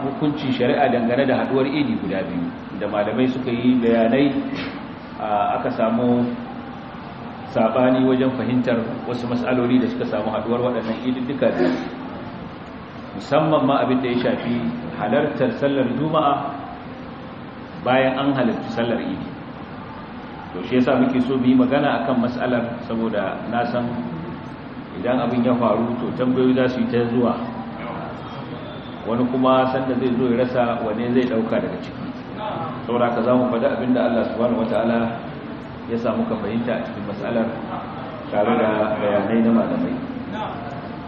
hukuncin shari'a dangane da haduwar idi guda biyu da malamai suka yi bayanai aka samu sabani wajen fahimtar wasu matsaloli da suka samu haduwar waɗannan idin duka musamman ma abin da ya shafi halartar sallar juma'a bayan an halarci sallar idi to shi yasa muke so mu magana akan matsalar saboda na san idan abin ya faru to tambayoyi za su yi ta zuwa wani kuma sanda zai zo ya rasa wane zai dauka daga ciki saboda ka zamu faɗi abinda Allah subhanahu wataala ya sa muka fahimta a cikin matsalar tare da bayanai na malamai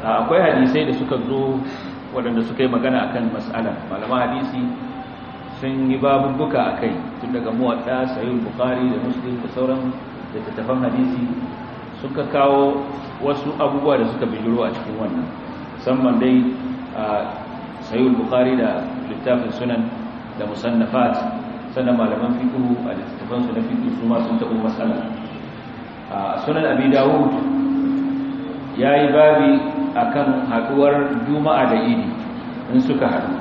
akwai hadisai da suka zo waɗanda suka yi magana akan matsalar malaman hadisi sun yi babubuka kai, tun daga muwatta sayyid bukhari da muslim da sauran littattafan hadisi suka kawo wasu abubuwa da suka bijiro a cikin wannan musamman dai sayul bukhari da littafin sunan da musannafat sannan malaman fiqhu a littafansu na fiqhu su ma sun tabo matsala a sunan abi dawud yayi babi akan haɗuwar juma'a da idi in suka haɗu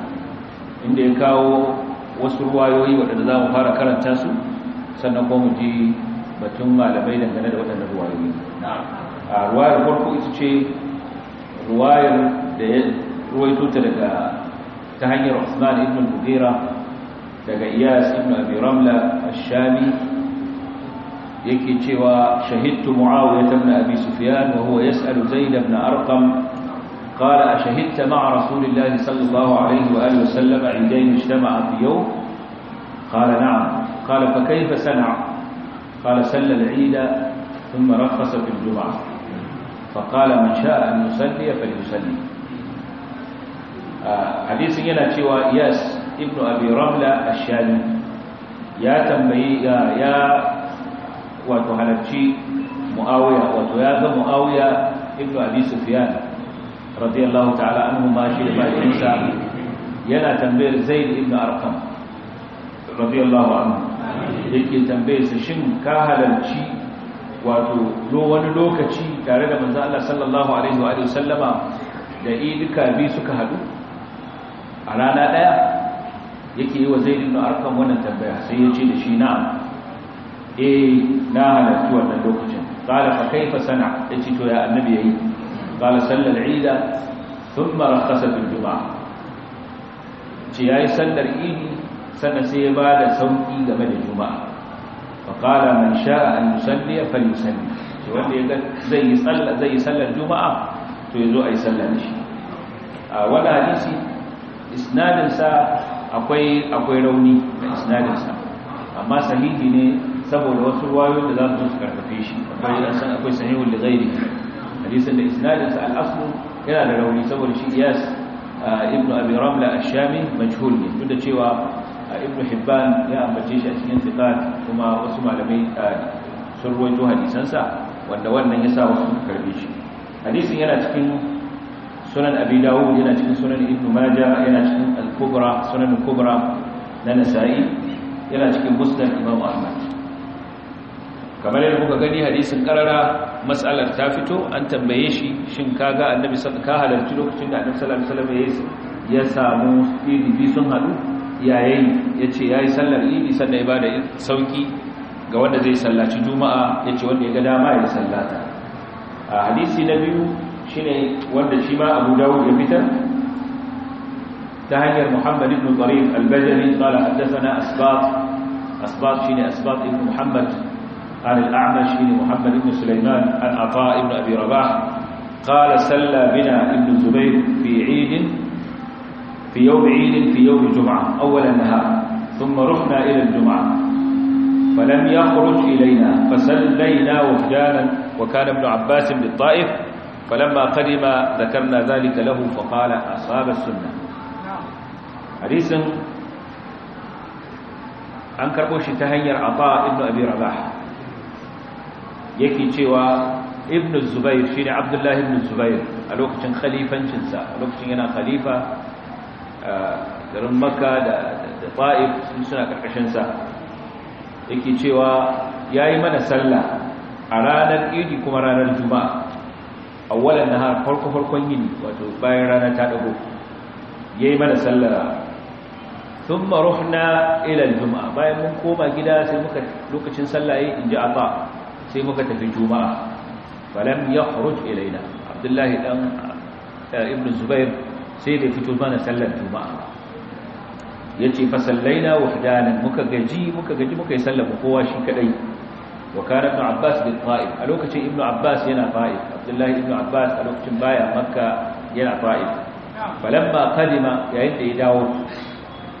inda ya kawo wasu ruwayoyi waɗanda za mu fara karanta su sannan kuma mu ji batun malamai dangane da waɗanda ruwayoyi ruwayar farko ita ce ruwayar da ya ruwaito ta daga تهجر عثمان بن المغيرة تجياس بن أبي رملة الشامي يكتشوا شهدت معاوية بن أبي سفيان وهو يسأل زيد بن أرقم قال أشهدت مع رسول الله صلى الله عليه وآله وسلم عندين اجتمع في يوم قال نعم قال فكيف سنع قال سل العيد ثم رخص في الجمعة فقال من شاء أن يسلي فليسلي Ah, hadisin yana cewa Yas ibn abi ramla ash-shami ya tambayi ya wato halarci muawiya wato ya ga muawiya ibn abi sufyan radiyallahu ta'ala anhu ma shi da bayansa yana tambayar zaid ibn arqam radiyallahu anhu yake tambayar sa shin ka halarci wato do wani lokaci tare da manzo Allah sallallahu alaihi wa sallama da idika bi suka haɗu. a rana ɗaya yake yi wa zai ibn arkan wannan tambaya sai ya ce da shi na? eh na halarci wannan lokacin qala fa kaifa sana yace to ya annabi yayi qala sallal ida thumma rakhasa bil juma'a ce yayi sallar idi sannan sai ya da sauƙi game da juma'a fa qala man sha'a an yusalli falyusalli to wanda ya zai yi sallar zai yi sallar juma'a to yazo ayi sallar shi a wani hadisi isnadinsa akwai akwai rauni da isnadinsa amma sahihi ne saboda wasu ruwayoyin da za su su karfafe shi akwai san akwai sahihul li ghairi hadisin da isnadinsa al-aslu yana da rauni saboda shi iyas ah, ibn abi ramla ash-shami majhul ne duk da cewa ah, ibn hibban ya ambace shi a cikin thiqat kuma wasu malamai ah, sun ruwaito hadisansa wanda wannan ya sa wasu karbe shi hadisin yana cikin sunan abi dawo yana cikin sunan ibnu maja yana cikin al-kubra sunan al-kubra na nasa'i yana cikin musnad imam ahmad kamar yadda kuka gani hadisin karara matsalar ta fito an tambaye shi shin kaga annabi ka halarci lokacin da annabi sallallahu alaihi wasallam ya samu idi sun hadu yayin yace yayi sallar idi sannan ibada sauki ga wanda zai sallaci juma'a yace wanda ya ga dama ya sallata a hadisi na biyu shine wanda shi ma abu dawud ya fitar ta hanyar muhammad ibn zarif al-bajali qala haddathana asbat asbat shine asbat ibn muhammad عن الأعمش بن محمد بن سليمان عن عطاء بن أبي رباح قال سلى بنا ابن الزبير في عيد في يوم عيد في يوم جمعة أول النهار ثم رحنا إلى الجمعة فلم يخرج إلينا فسلينا وفجانا وكان ابن عباس بالطائف فلما قدم ذكرنا ذلك له a أصاب السنة حديث an karɓo shi ta hanyar Afa ibnu abi rabah yake cewa ibnu zubair shi ne abdullahi ibnu zubair a lokacin khalifancinsa a lokacin yana khalifa garin makka da ta'if suna ƙarƙashinsa yake cewa ya yi mana sallah a ranar idi kuma ranar juma'a awwalan nahar farko farkon yini wato bayan rana ta dago yayi mana sallah thumma ruhna ila al bayan mun koma gida sai muka lokacin sallah yayi inji Allah sai muka tafi juma'a falam yakhruj ilaina abdullahi dan eh, ibn zubair sai da fito mana sallar juma'a ya ce fasallaina wahdanan muka gaji muka gaji muka yi sallama kowa shi kadai wa kana ibn abbas bin fa'il a lokacin ibn abbas yana fa'il abdullahi ibn abbas a lokacin baya makka yana fa'id falamma kadima yayin da ya dawo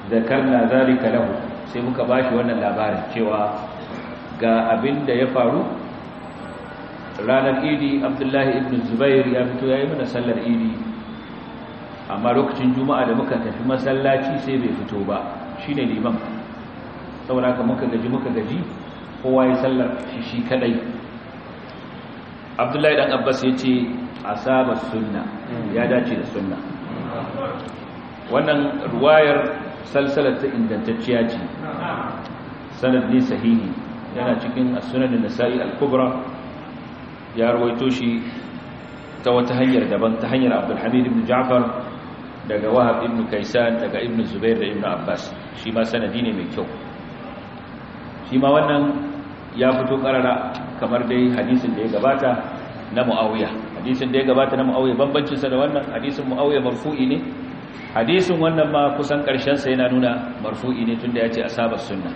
zakarna zalika lahu sai muka bashi wannan labarin cewa ga abin da ya faru ranar idi abdullahi ibn zubair ya fito ya yi mana sallar idi amma lokacin juma'a da muka tafi masallaci sai bai fito ba shine liman saboda haka muka gaji muka gaji kowa ya sallar shi shi kadai abdullahi dan abbas ya ce asaba sunna hmm. ya dace da sunna wannan ruwayar salsalar ta ingantacciya ce sanad ne sahihi yana cikin as-sunan nasai al-kubra ya ruwaito shi ta wata hanyar daban ta hanyar abdulhamid ibn ja'far daga wahab ibn kaisan daga ibn zubair da ibn abbas shi ma sanadi ne mai kyau shi ma wannan ya fito karara kamar dai hadisin da ya gabata na muawiya hadisin da ya gabata na muawiya bambancin sa da wannan hadisin muawiya marfu'i ne hadisin wannan ma kusan karshen sa yana nuna marfu'i ne tunda yace asabar sunna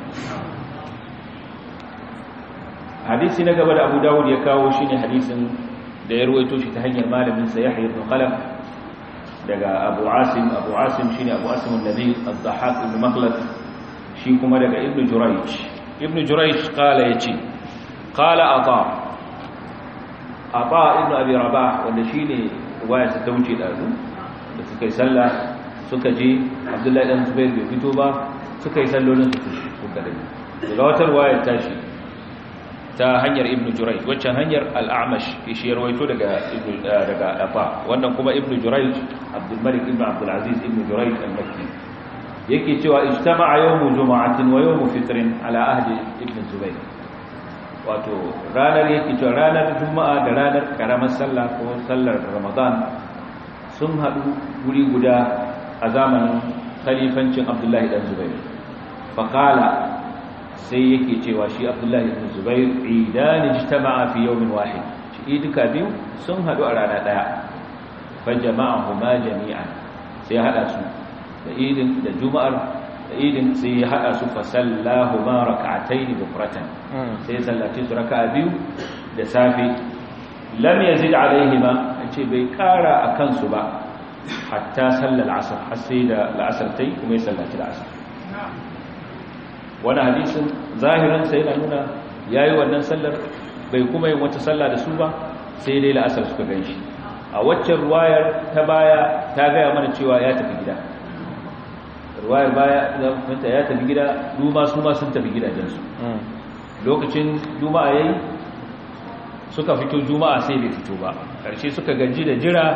hadisi na gaba da Abu Dawud ya kawo shine hadisin da ya ruwaito shi ta hanyar malamin sa Yahya ibn Khalaf daga Abu Asim Abu Asim shine Abu Asim an-Nabi ad-Dhahhak ibn Makhlad shi kuma daga Ibn Jurayj ibn jurayj qala yace qala ata ata ibn abi rabah wanda shine waya ta wuce dazu da suka sallah suka je abdullahi dan zubair bai fito ba suka yi sallolin su suka dani daga wata waya tashi ta hanyar ibn jurayj waccan hanyar al-amash shi yarwaito daga daga afa wannan kuma ibn jurayj abdul malik ibn aziz al yake cewa ijtama'a yawmu juma'atin wa yawmu fitrin ala ahdi ibn zubayr wato ranar yake cewa ranar juma'a da ranar karamar sallah ko sallar ramadan sun haɗu guri guda a zamanin khalifancin abdullahi dan zubayr fa sai yake cewa shi abdullahi ibn zubayr idan ijtama'a fi yawmin wahid shi duka biyu sun haɗu a rana daya fa jama'ahuma jami'an sai hada su da idin da juma'ar da idin sai ya haɗa su fa sallahu ma rak'atayn bufratan hmm. sai sallace su raka'a biyu da safi lam yazid ma ce bai kara a kansu ba hatta sallal asr har sai da al'asr tai kuma ya sallaci la'asar. wani hadisin zahirin sai yana nuna yayi wannan sallar bai kuma yin wata sallah da su ba sai dai la'asar suka ganshi a waccan ruwayar ta baya ta gaya mana cewa ya tafi gida ruwaya baya da mutunta ya tafi gida duma su ma sun tafi gidajensu hmm. lokacin juma'a yayi suka fito juma'a sai bai fito ba karshe suka gaji da jira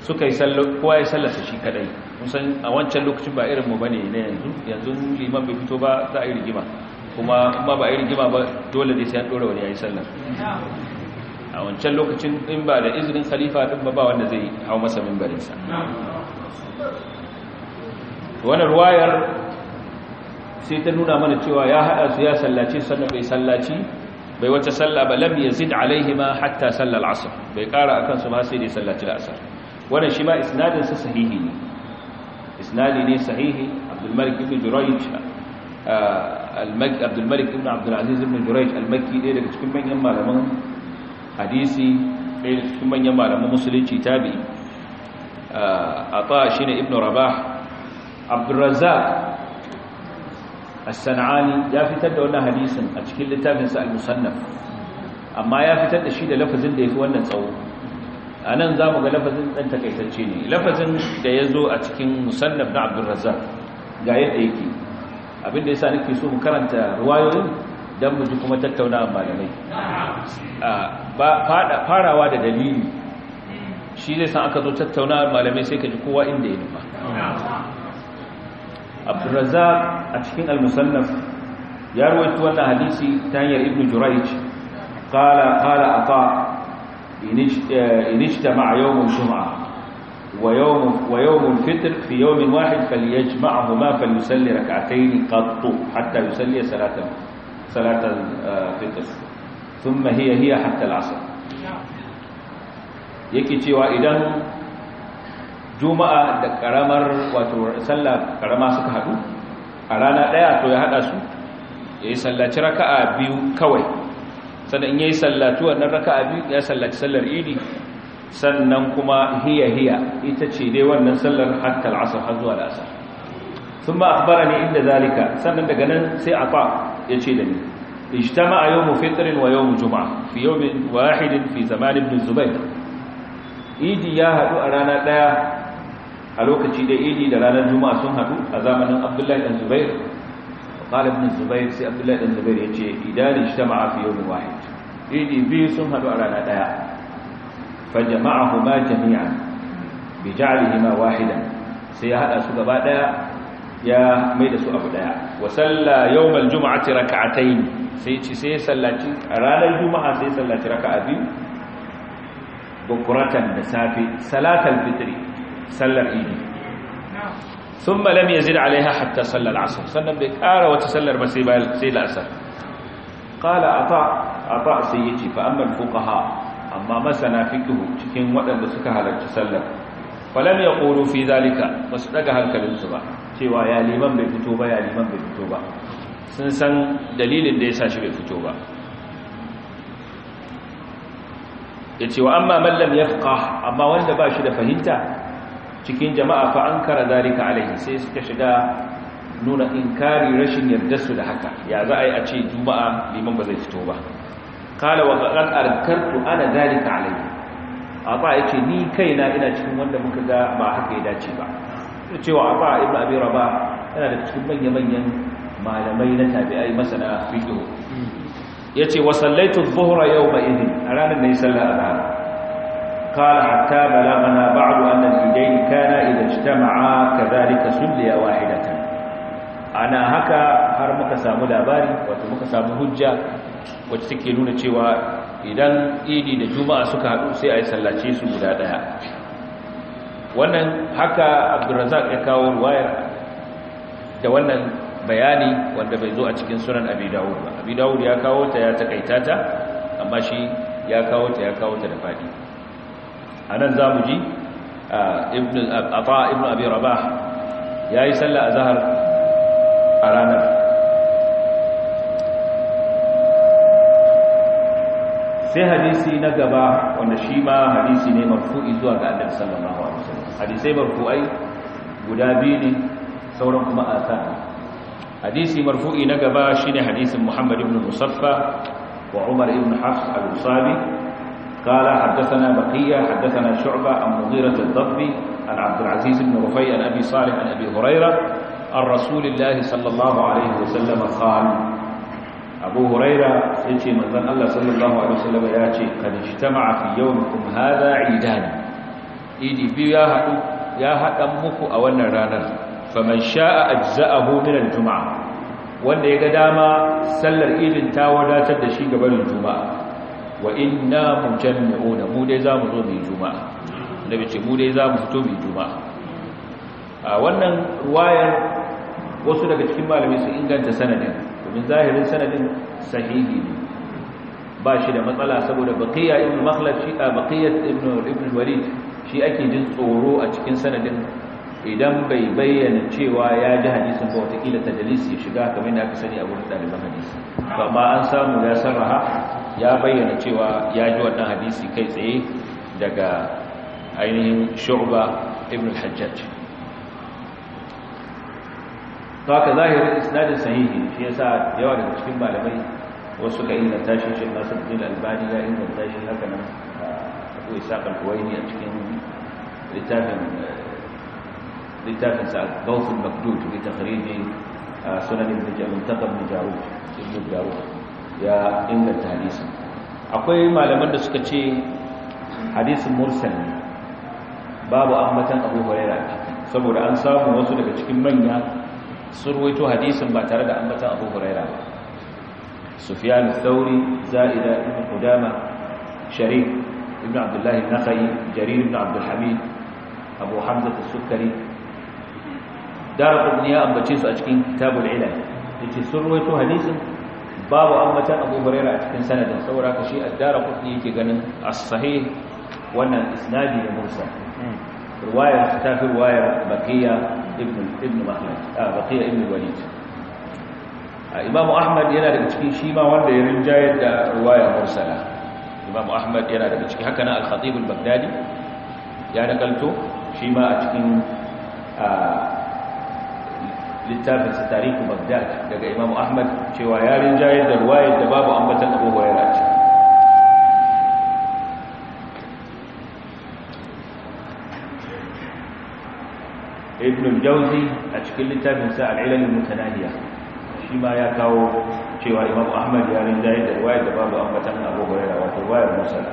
suka yi kowa ya sallasa shi kadai musan a wancan lokacin ba irin mu bane na yanzu yanzu liman bai fito ba za a yi rigima kuma kuma ba a yi rigima ba dole dai sai an dora wani yayi sallar a wancan lokacin in ba da izinin khalifa din ba ba wanda zai hau masa sa. Wani ruwayar sai ta nuna mana cewa ya haɗa su ya sallaci sannan bai sallaci bai wacce salla ba lam yazid ma hatta salla al-asr bai ƙara akan su ma sai dai sallaci al-asr wannan shi ma isnadin sa sahihi ne isnadi ne sahihi Abdul Malik ibn Jurayj al-Makki Abdul Malik ibn Abdul Aziz ibn Jurayj al-Makki ɗaya daga cikin manyan malaman hadisi ɗaya daga cikin manyan malaman musulunci tabi'i a ta shine ibn Rabah abdurrazzaq as-sanani ya fitar da wannan hadisin a cikin littafin al-musannaf amma ya fitar da shi da lafazin da fi wannan tsawo anan zamu ga lafazin dan takaitacce ne lafazin da yazo a cikin musannaf na abdurrazzak ga yadda yake abinda yasa nake so mu karanta riwayoyin dan mu ji kuma tattaunawa malamai farawa da dalili shi zai san aka zo tattaunawar malamai sai ka ji kowa inda ya nufa razak a cikin al-musannaf ya rawaito wannan hadisi ta hanyar ibn jurayj qala qala ata inijtama yawm al-jum'ah wa yawm wa yawm al-fitr fi yawm wahid falyajma'huma falyusalli rak'atayn qattu hatta yusalli salatan salatan fitr thumma hiya hiya hatta al-'asr yake cewa idan juma'a da karamar wato sallah karama suka hadu a rana daya to ya hada su yi sallaci raka'a biyu kawai sannan in yayi sallatu wannan raka'a biyu ya sallaci sallar idi sannan kuma hiya hiya ita ce dai wannan sallar hatta al'asr har zuwa al'asr ثم أخبرني inda zalika sannan daga nan sai afa yace da ni اجتمع wa فطر Juma'a, fi في يوم واحد في زمان ابن Idi ya يا a rana لا a lokaci da idi da ranar juma'a sun haɗu a zamanin abdullahi dan zubair qala ibn zubair sai abdullahi dan zubair yace idan ijtama'a fi yawmin wahid idi biyu sun haɗu a rana daya fa jama'ahuma jami'an bi ja'lihima wahidan sai ya hada su gaba daya ya mai da su abu daya wa salla yawmal juma'ati rak'atayn sai ci sai sallaci ranar juma'a sai sallaci raka'a biyu bukuratan da safe salatal fitri sallar idi thumma lam yazid alaiha hatta sallar asr sannan bai kara wata sallar ba sai bayan sai la'asar qala A ata sai yace fa amma fuqaha amma masana fiqh cikin waɗanda suka halarci sallar falam yaqulu fi zalika su daga hankalinsu ba cewa ya liman bai fito ba ya liman bai fito ba sun san dalilin da ya sa shi bai fito ba ya ce wa amma mallam ya fuka amma wanda ba shi da fahimta cikin jama'a fa an kara zalika alaihi sai suka shiga nuna inkari rashin yarda su da haka ya za a yi a ce juma'a liman ba zai fito ba kala wa qad arkartu ana zalika alaihi aba ce ni kaina ina cikin wanda muka ga ba haka ya dace ba cewa aba ibnu abi rabah yana da cikin manya-manyan malamai na tabi'ai masana Ya yace wa sallaitu zuhura yau yawma idin a ranar da ya salla azhar قال حتى بلغنا بعد أن الإيدين كانا إذا اجتمعا كذلك سليا واحدة أنا haka har muka samu labari wato muka samu hujja wacce take nuna cewa idan idi da juma'a suka haɗu sai a yi sallace su guda ɗaya wannan haka abdulrazak ya kawo ruwayar da wannan bayani wanda bai zo a cikin sunan abi dawud ba abi ya kawo ta ya takaita ta amma shi ya kawo ta ya kawo ta da faɗi a nan za mu ji ata ibn abi rabah ya yi sallah a zahar a ranar sai hadisi na gaba wanda shi ma hadisi ne marfu'i zuwa ga annabi sallallahu alaihi wasallam hadisai marfu'ai guda biyu ne sauran kuma asar hadisi marfu'i na gaba shine hadisin muhammad ibn musaffa wa umar ibn hafs al-usabi قال حدثنا بقية حدثنا شعبة عن مغيرة الضبي عن عبد العزيز بن رفيع عن أبي صالح عن أبي هريرة عن رسول الله صلى الله عليه وسلم قال أبو هريرة يجي مثلا الله صلى الله عليه وسلم يأتي قد اجتمع في يومكم هذا عيدان إيدي بيو يا هدو يا هدمك أولا رانا فمن شاء أجزأه من الجمعة wanda ya ga dama sallar idin ta wadatar da shi gaban juma'a wa inna mujammi'una mu dai mu zo mu juma'a nabi ce mu dai mu fito mu juma'a a wannan ruwayar wasu daga cikin malamai sun inganta sanadin domin zahirin sanadin sahihi ne ba shi da matsala saboda baqiya ibn makhlad shi a baqiyat ibn ibn walid shi ake jin tsoro a cikin sanadin idan bai bayyana cewa ya ji hadisin ba wata kila tadalisi ya shiga kamar yadda aka sani a wurin daliban hadisi amma an samu ya sarraha ya bayyana cewa ya ji wannan hadisi kai tsaye daga ainihin shu'ba ibn al-hajjaj to haka zahirin isnadin sahihi shi yasa yawa daga cikin malamai wasu ka inganta shi shi nasu bin albani ya inganta shi haka nan abu isa kalkuwaini a cikin littafin littafin sa gausul makdud bi takhrijin sunan ibn jarir taqab min ibn ya inganta hadisin akwai malaman da suka ce hadisin mursal babu ambatan abu huraira saboda an samu wasu daga cikin manya sun ruwaito hadisin ba tare da ambatan abu huraira ba sufyan sauri za'ida ibn qudama sharif ibn abdullah nakhai jarir ibn abd abu hamza as-sukkari darqutni ya ambace su a cikin kitabul ilal yace sun ruwaito hadisin babu ambatan Abu a cikin sanadin saboda ka shi addara darqutni yake ganin as-sahih wannan isnadi da mursal ta fi Baqiya ibn ibn ah Baqiya ibn Walid Imam Ahmad yana daga cikin shi ma wanda ya rinjayar da riwayar mursala Imam Ahmad yana daga cikin haka al-Khatib al-Baghdadi ya nakalto shi ma a cikin littafin sa tarihu bagdad daga imam ahmad cewa yarin jayar da ruwayar da babu ambatan abu hurairah ce ibn al a cikin littafin sa al-ilal al shi ma ya kawo cewa imam ahmad yarin jayar da ruwayar da babu ambatan abu hurairah wato ruwayar musala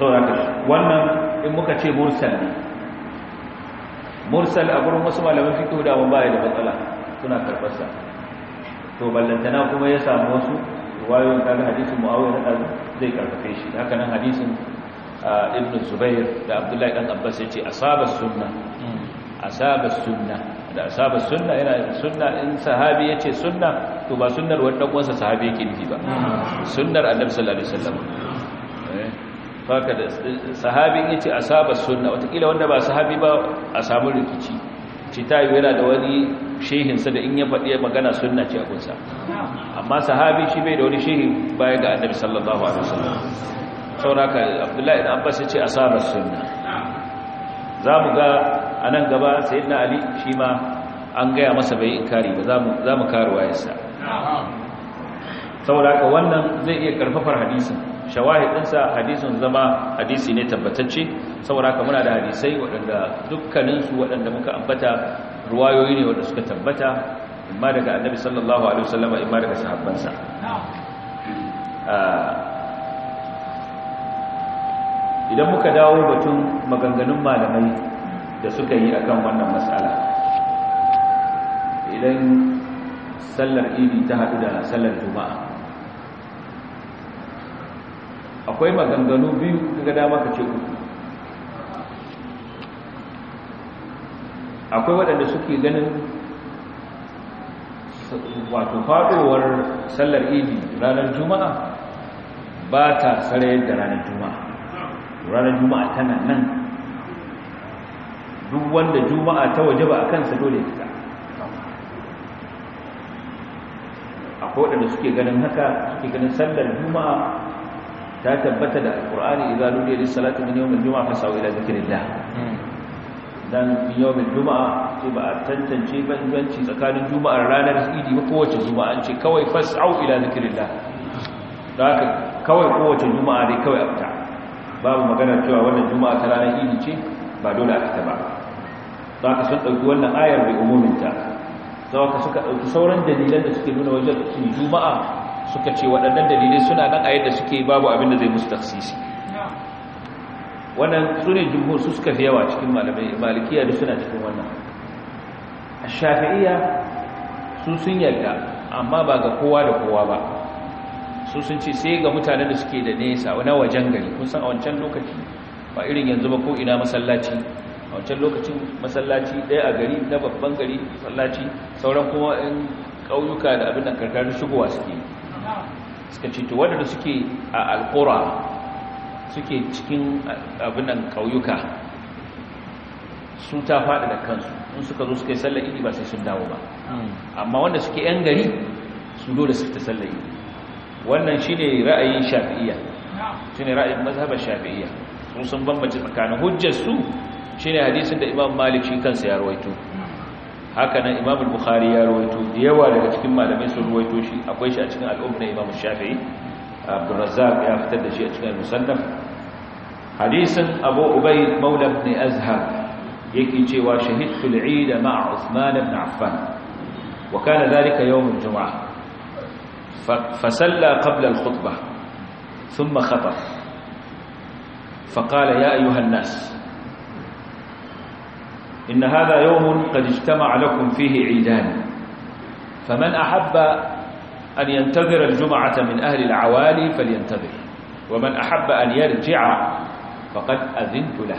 saboda wannan in muka ce mursal ne mursal a gurin wasu malamai fito da ban baya da matsala suna karfarsa to ballantana kuma ya samu wasu ta kaga hadisin muawiya na zai karfafe shi haka nan hadisin ibn zubair da abdullahi ɗan abbas yace asaba sunna asaba sunna da asaba sunna yana sunna in sahabi ya ce sunna to ba sunnar ɗan kuwansa sahabi yake nufi ba mm. sunnar annabi sallallahu alaihi wasallam faka da sahabin yace asaba sunna watakila wanda ba sahabi ba a samu rikici ci ta yi yana da wani shehinsa da in ya faɗi magana sunna ce a kunsa amma sahabi shi bai da wani shehin baya ga annabi sallallahu alaihi wasallam sauraka abdullahi da abbas yace asaba sunna mu ga a nan gaba sayyidina ali shi ma an gaya masa bai inkari ba za mu karuwa yasa saboda haka wannan zai iya karfafar hadisin shawahidinsa hadisin zama hadisi ne tabbatacce saboda haka muna da hadisai waɗanda dukkaninsu waɗanda muka ambata ruwayoyi ne waɗanda suka tabbata imma daga annabi sallallahu alaihi wasallam imma daga sahabbansa ah. idan muka dawo batun maganganun malamai da suka yi akan wannan matsala idan sallar idi ta haɗu da sallar juma'a akwai maganganu biyu kaga dama ka ce ku. akwai waɗanda suke ganin wato faɗowar sallar idi ranar juma'a ba ta tsare yadda ranar juma'a ranar juma'a tana nan duk wanda juma'a ta waje ba a kansa dole fita akwai waɗanda suke ganin haka suke ganin sallar juma'a ta tabbata da alqur'ani idza nudiya lis salati min yawm juma'a juma fasaw ila dhikrillah hmm. dan min yawm juma'a juma sai ba a tantance banbanci tsakanin juma'ar ranar idi ba kowace juma'a an ce kawai fasaw ila dhikrillah da haka kawai kowace juma'a dai kawai afta babu maganar cewa wannan juma'a ta ranar idi ce ba dole a fita ba za ka sun ɗauki wannan ayar bai umuminta za ka suka ɗauki sauran dalilan da suke nuna wajen juma'a suka ce waɗannan dalilai suna nan a yadda suke babu abin da zai musu taksisi wannan su ne jumhur su suka fi yawa cikin malamai malikiya da suna cikin wannan a shafi'iya su sun yarda amma ba ga kowa da kowa ba su sun ce sai ga mutanen da suke da nesa na wajen gari kun san a wancan lokaci ba irin yanzu ba ko'ina ina masallaci a wancan lokacin masallaci ɗaya a gari na babban gari masallaci sauran kuma in ƙauyuka da abin da karkar shigowa suke suka ce to waɗanda suke a alƙura suke cikin abinan ƙauyuka su ta faɗi da kansu in suka zo suka yi sallar idi ba sai sun dawo ba hmm. amma wanda suke 'yan gari su dole su ta sallar idi wannan shi ne ra'ayin shafi'iyya shi ne ra'ayin mazhabar shafi'iyya sun sun bambance tsakanin hujjarsu shi ne hadisin da imam malik shi kansa ya rawaito haka nan imam al-bukhari ya rawaito da yawa daga cikin malamai sun rawaito shi akwai shi a cikin al-umma imam shafi'i abdul razzaq ya fitar da shi a cikin musannaf hadisin abu ubay maula ibn azhar yake cewa shahidtu al-eid ma'a usman ibn affan wa kana dhalika yawm al-jum'ah al-khutbah thumma khata fa qala ya ayyuha an-nas إن هذا يوم قد اجتمع لكم فيه عيدان فمن أحب أن ينتظر الجمعة من أهل العوالي فلينتظر ومن أحب أن يرجع فقد أذنت له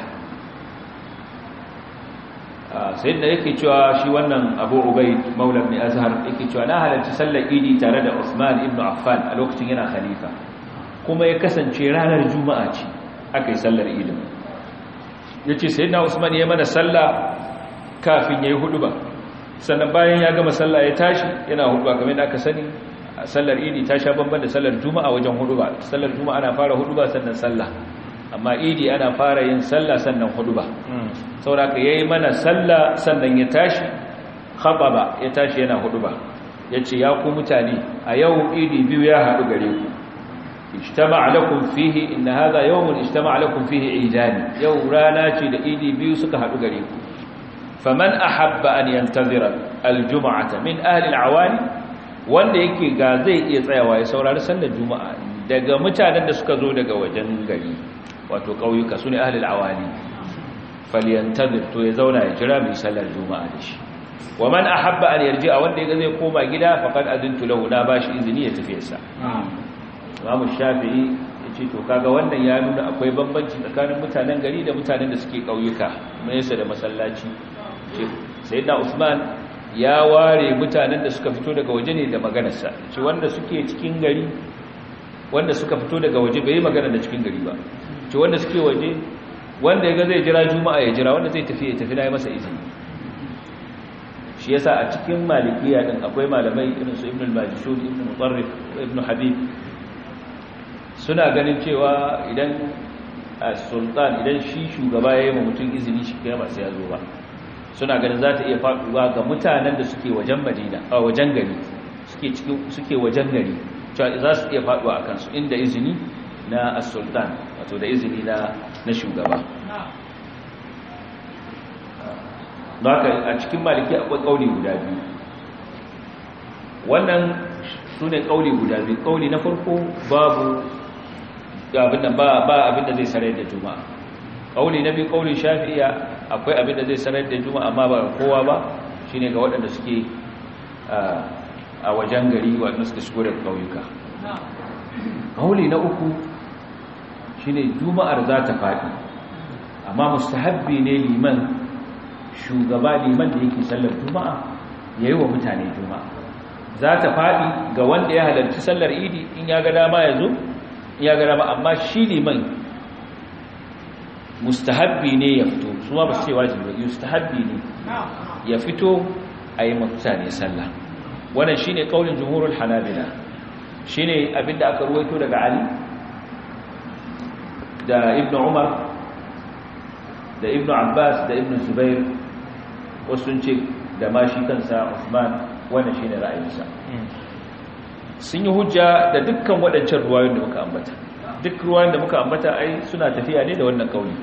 آه، سيدنا إكتوى شوانا أبو عبيد مولى بن أزهر إكتوى ناها تسلى إيدي ترد عثمان بن عفان الوقت هنا خليفة كما يكسن شيران الجمعة أكي سلى إيدي ya ce sai na usman ya mana sallah kafin ya yi hudu sannan bayan ya gama sallah ya tashi yana hudu ba kamar da aka sani sallar idi ta sha bamban da sallar juma'a wajen hudu sallar juma'a ana fara hudu ba sannan sallah amma idi ana fara yin sallah sannan hudu ba hmm. sauraka ya yi mana sallah sannan ya tashi khababa ya tashi yana hudu ba ya ya ku mutane a yau idi biyu ya haɗu gare ku اجتمع لكم فيه إن هذا يوم اجتمع لكم فيه عيدان يورانا تي لإيدي بيو سكا هدو فمن أحب أن ينتظر الجمعة من أهل العوالي wanda yake ga zai iya tsayawa ya saurari sallar juma'a daga mutanen da suka zo daga wajen gari wato ƙauyuka su ne ahalil awali to ya zauna ya jira mai sallar juma'a da shi wa man ahabba an yarji a wanda ya zai koma gida faqad adintu lahu na bashi izini ya tafi sa imamu shafi'i ya ce to kaga wannan ya nuna akwai bambanci tsakanin mutanen gari da mutanen da suke ƙauyuka nesa da masallaci sai da usman ya ware mutanen da suka fito daga waje ne da maganarsa ce wanda suke cikin gari wanda suka fito daga waje bai magana da cikin gari ba ce wanda suke waje wanda ya ga zai jira juma'a ya jira wanda zai tafi ya tafi na masa izini shi yasa a cikin malikiya din akwai malamai irin su ibn al-majishun ibn mutarrif ibn habib suna ganin cewa idan sultan idan shi shugaba ya yi ma mutum izini shi kiyama sai ya zo ba suna ganin za ta iya faɗuwa ga mutanen da suke wajen madina a wajen gari suke wajen gari cewa za su iya faɗuwa a kansu inda izini na sultan wato da izini na shugaba don haka a cikin maliki akwai ƙauni guda biyu wannan su ne ƙauni guda biyu ƙauni na farko babu ga abin da ba ba abin da zai sarai da juma'a kauli na biyu kaulin shafi'iyya akwai abin da zai sarai da juma'a amma ba kowa ba shine ga waɗanda suke a wajen gari waɗanda suke shigo da kauyuka kauli na uku shine juma'ar za ta faɗi amma mustahabbi ne liman shugaba liman da yake sallar juma'a yayi wa mutane juma'a za ta faɗi ga wanda ya halarci sallar idi in ya ga dama ya zo ya gara ba amma shi liman mustahabbi ne ya fito su ma ba su ce wajibi ba mustahabbi ne ya fito a yi mutane sallah wannan shine kaulin jumhurul hanabila ne abinda aka ruwaito daga ali da ibnu umar da ibnu abbas da ibnu zubair wasu ce da ma shi kansa usman wannan shine ra'ayinsa hmm. sun yi hujja da dukkan waɗancan ruwayoyin da muka ambata duk ruwayoyin da muka ambata ai suna tafiya ne da wannan kauli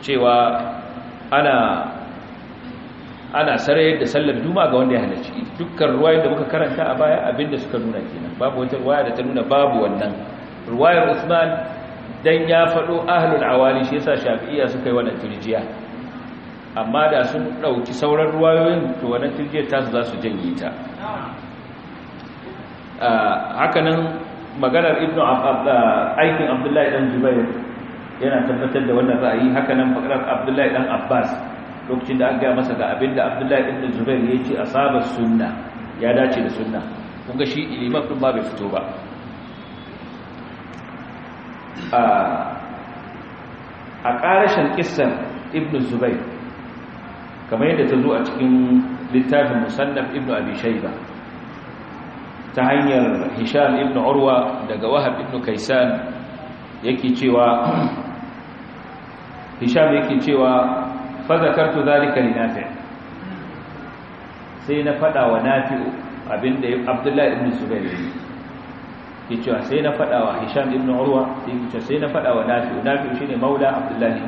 cewa ana ana sarayar da sallar duma ga wanda ya halarci dukkan ruwayoyin da muka karanta a baya abinda suka nuna kenan babu wata ruwaya da ta nuna babu wannan ruwayar Usman dan ya faɗo ahlul awali shi yasa shafi'iyya suka yi wannan turjiya amma da sun ɗauki sauran ruwayoyin to wannan turjiyar tasu za su janye ta Ah, hakanan maganar ibnu ah, aikin abdullahi dan zubair yana tabbatar da wannan ra'ayi hakanan maganar abdullahi dan abbas lokacin da aka gaya masa ga abinda abdullahi dan zubair ya ce asabar sunna ya dace da sunna kun ga shi ilimin kun ba bai fito ba ah, a ƙarashin ƙisar ibnu zubair kamar yadda ta zo a cikin littafin musannaf ibnu abi ba. ta hanyar hisham ibn urwa daga wahab ibn kaisan yake cewa hisham yake cewa fa zakartu zalika li nafi sai na fada wa nafi abinda abdullahi ibn zubair yake cewa sai na fada wa hisham ibn urwa yake cewa sai na fada wa nafi nafi shine maula abdullahi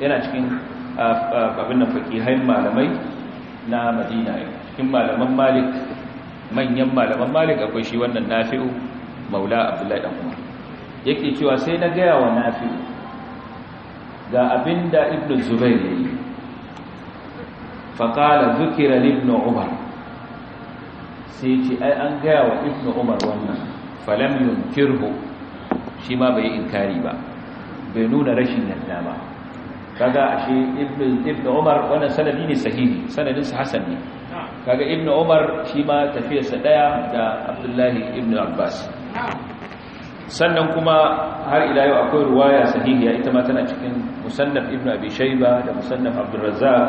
yana cikin ah, ah, abin nan faqihain malamai na madina cikin malaman malik manyan malaman malik akwai shi wannan nafi'u maula abdullahi dan umar yake cewa sai na gaya wa nafi'u ga abinda ibnu zubair yayi fa qala zukira ibnu umar sai ce ai an gaya wa ibnu umar wannan falam yunkirhu shi ma bai inkari ba bai nuna rashin yarda ba kaga ashe ibnu umar wannan sanadi ne sahihi sanadin sa hasan ne kaga ibnu umar shi ma tafiyarsa daya da abdullahi ibnu abbas sannan kuma har ila yau akwai ruwaya sahihiya ita ma tana cikin musannaf ibnu abi shayba da musannaf abdurrazzaq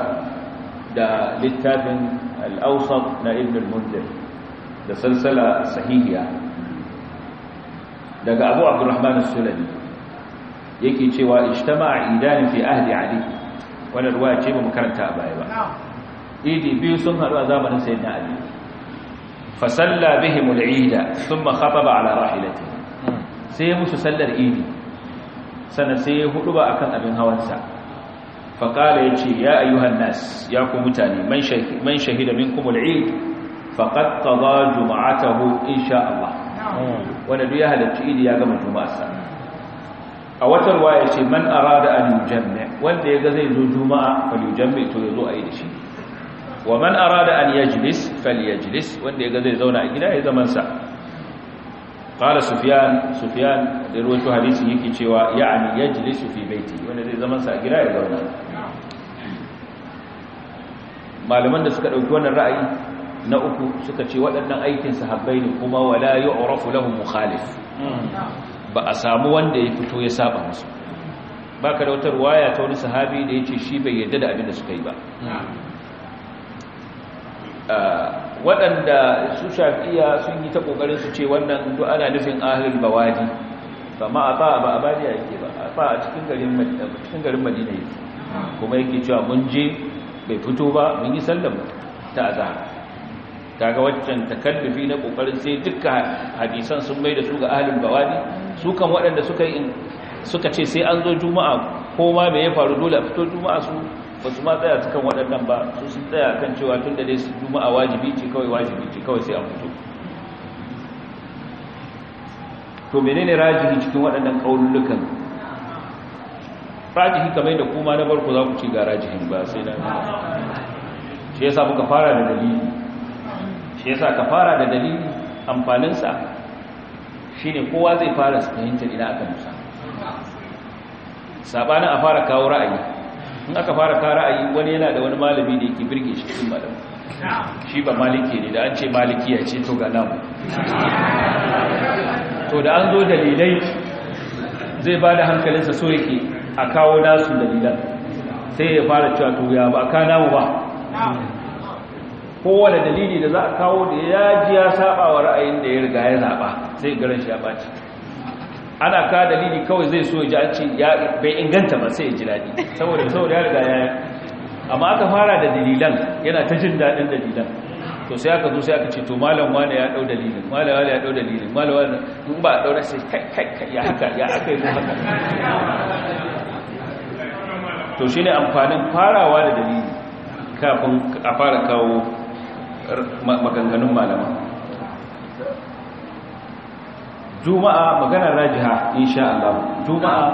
da littafin al-awsat na ibnu al da salsala sahihiya daga abu abdurrahman as-sulami yake cewa ijtama'a idan fi ahli ali wannan ruwaya ce ba mu karanta a baya ba idi biyu sun haɗu a zamanin sayyidina ali Fasalla salla bihim al sun thumma khataba ala rahilatihi sai musu sallar idi sannan sai ya hudu ba akan abin hawansa faƙala ya ce ya ayyuhan nas ya ku mutane man shahida min kumul eid juma'a ƙaza juma'atahu insha Allah wanda duk ya halarci idi ya gama juma'arsa a watan waya ce man arada an yujamma wanda ya ga zai zo juma'a fal yujamma to ya zo a yi da shi wa man arada an yajlis falyajlis wanda yaga zai zauna a gida ya zaman sa qala sufyan sufyan da ruwaito hadisi yake cewa ya'ani yajlisu fi baiti wanda zai zaman sa a gida ya zauna malaman da suka dauki wannan ra'ayi na uku suka ce waɗannan aikin sahabbai ne kuma wala yu'rafu lahum mukhalif ba a samu wanda ya fito ya saba musu baka da wata ruwaya ta wani sahabi da yace shi bai yarda da abin da suka yi ba Uh, waɗanda su shafiya sun yi ta ƙoƙarin su ce wannan duk ana nufin ahlul bawadi ma a ba ba a yake ba a ba a cikin garin madina yake kuma yake cewa mun je bai fito ba mun yi sallama ta wancan ga waccan takallufi na ƙoƙarin sai duka hadisan sun mai da su ga ahirin bawadi su kan waɗanda suka suka ce sai an zo juma'a ko ma me ya faru dole a fito juma'a su ba su ma tsaya cikin waɗannan ba su sun tsaya kan cewa tun da dai su a wajibi ce kawai wajibi ce kawai sai a fito to menene rajihi cikin waɗannan ƙaunulukan rajihi kamar da kuma na barko za ku ci ga rajihin ba sai na shi yasa muka fara da dalili shi yasa ka fara da dalili amfaninsa shine kowa zai fara su fahimtar idan aka musa sabanin a fara kawo ra'ayi in aka fara ka ra'ayi wani yana da wani malami da yake birge shi cikin malam shi ba maliki ne da an ce maliki ya ce to ga nan to da an zo dalilai zai ba da hankalinsa so yake a kawo nasu dalilan sai ya fara cewa to ya ba ka namu ba kowane dalili da za a kawo da ya ji ya saba wa ra'ayin da ya riga ya zaɓa sai garin shi ya ɓaci ana ka dalili kawai zai so ya ce ya bai inganta ba sai ya ji daɗi saboda saboda ya riga ya amma aka fara da dalilan yana ta jin daɗin dalilan to sai aka zo sai aka ce to malam wani ya dau dalilin malam wani ya dau dalilin malam wani in ba daura sai kai kai kai ya haka ya haka ya haka to shine amfanin farawa da dalili kafin a fara kawo maganganun malama juma'a maganar rajiha insha Allah juma'a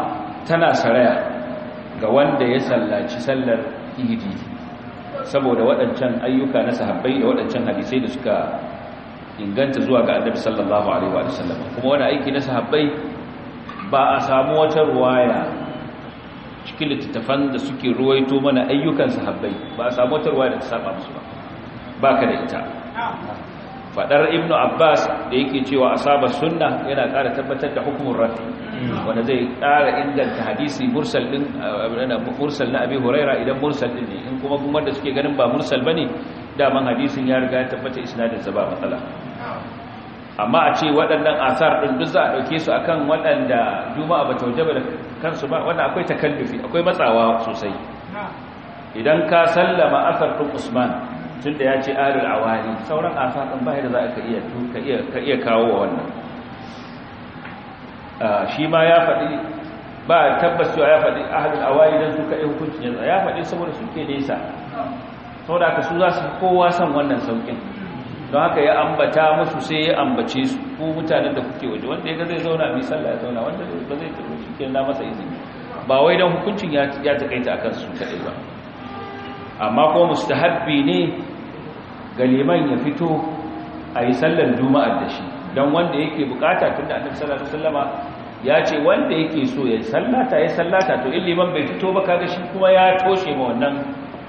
tana saraya ga wanda ya sallaci sallar idi saboda waɗancan ayyuka na sahabbai da waɗancan hadisai da suka inganta zuwa ga annabi sallallahu alaihi wa sallam kuma wani aiki na sahabbai ba a samu wata ruwaya cikin littattafan da suke ruwaito mana ayyukan sahabbai ba a samu wata ruwaya da ta saba musu ba ba ka da ita fadar ibnu abbas da yake cewa asaba sunna yana ƙara tabbatar da hukumin rafi wanda zai ƙara inganta hadisi mursal din mursal na abi huraira idan mursal din ne in kuma kuma da suke ganin ba mursal bane daman hadisin ya riga ya tabbata isnadin sa ba matsala amma a ce waɗannan asar din duk za a dauke su akan waɗanda juma'a ba taujaba da kansu ba wanda akwai takallufi akwai matsawa sosai idan ka sallama asar ɗin usman tun da ya ce a awali sauran asakan ba da za ka iya ka iya kawo wa wannan ah, shi ma ya faɗi ba tabbas cewa ya faɗi ahlul awali don su yi hukuncin yanzu ya faɗi saboda suke nesa da ka su za su kowa san wannan saukin don haka ya ambata musu sai ya ambace su ku mutanen da kuke waje wanda ya zai zauna mai sallah ya zauna wanda ba zai tafi shi ke na masa izini ba wai don hukuncin ya takaita a su kaɗai ba amma ko mustahabbi ne Galiman ya fito a yi sallar juma'ar da shi don wanda yake bukata tun da annabi sallallahu alaihi wasallama ya ce wanda yake so ya sallata ya sallata to in liman bai fito ba kaga shi kuma ya toshe ma wannan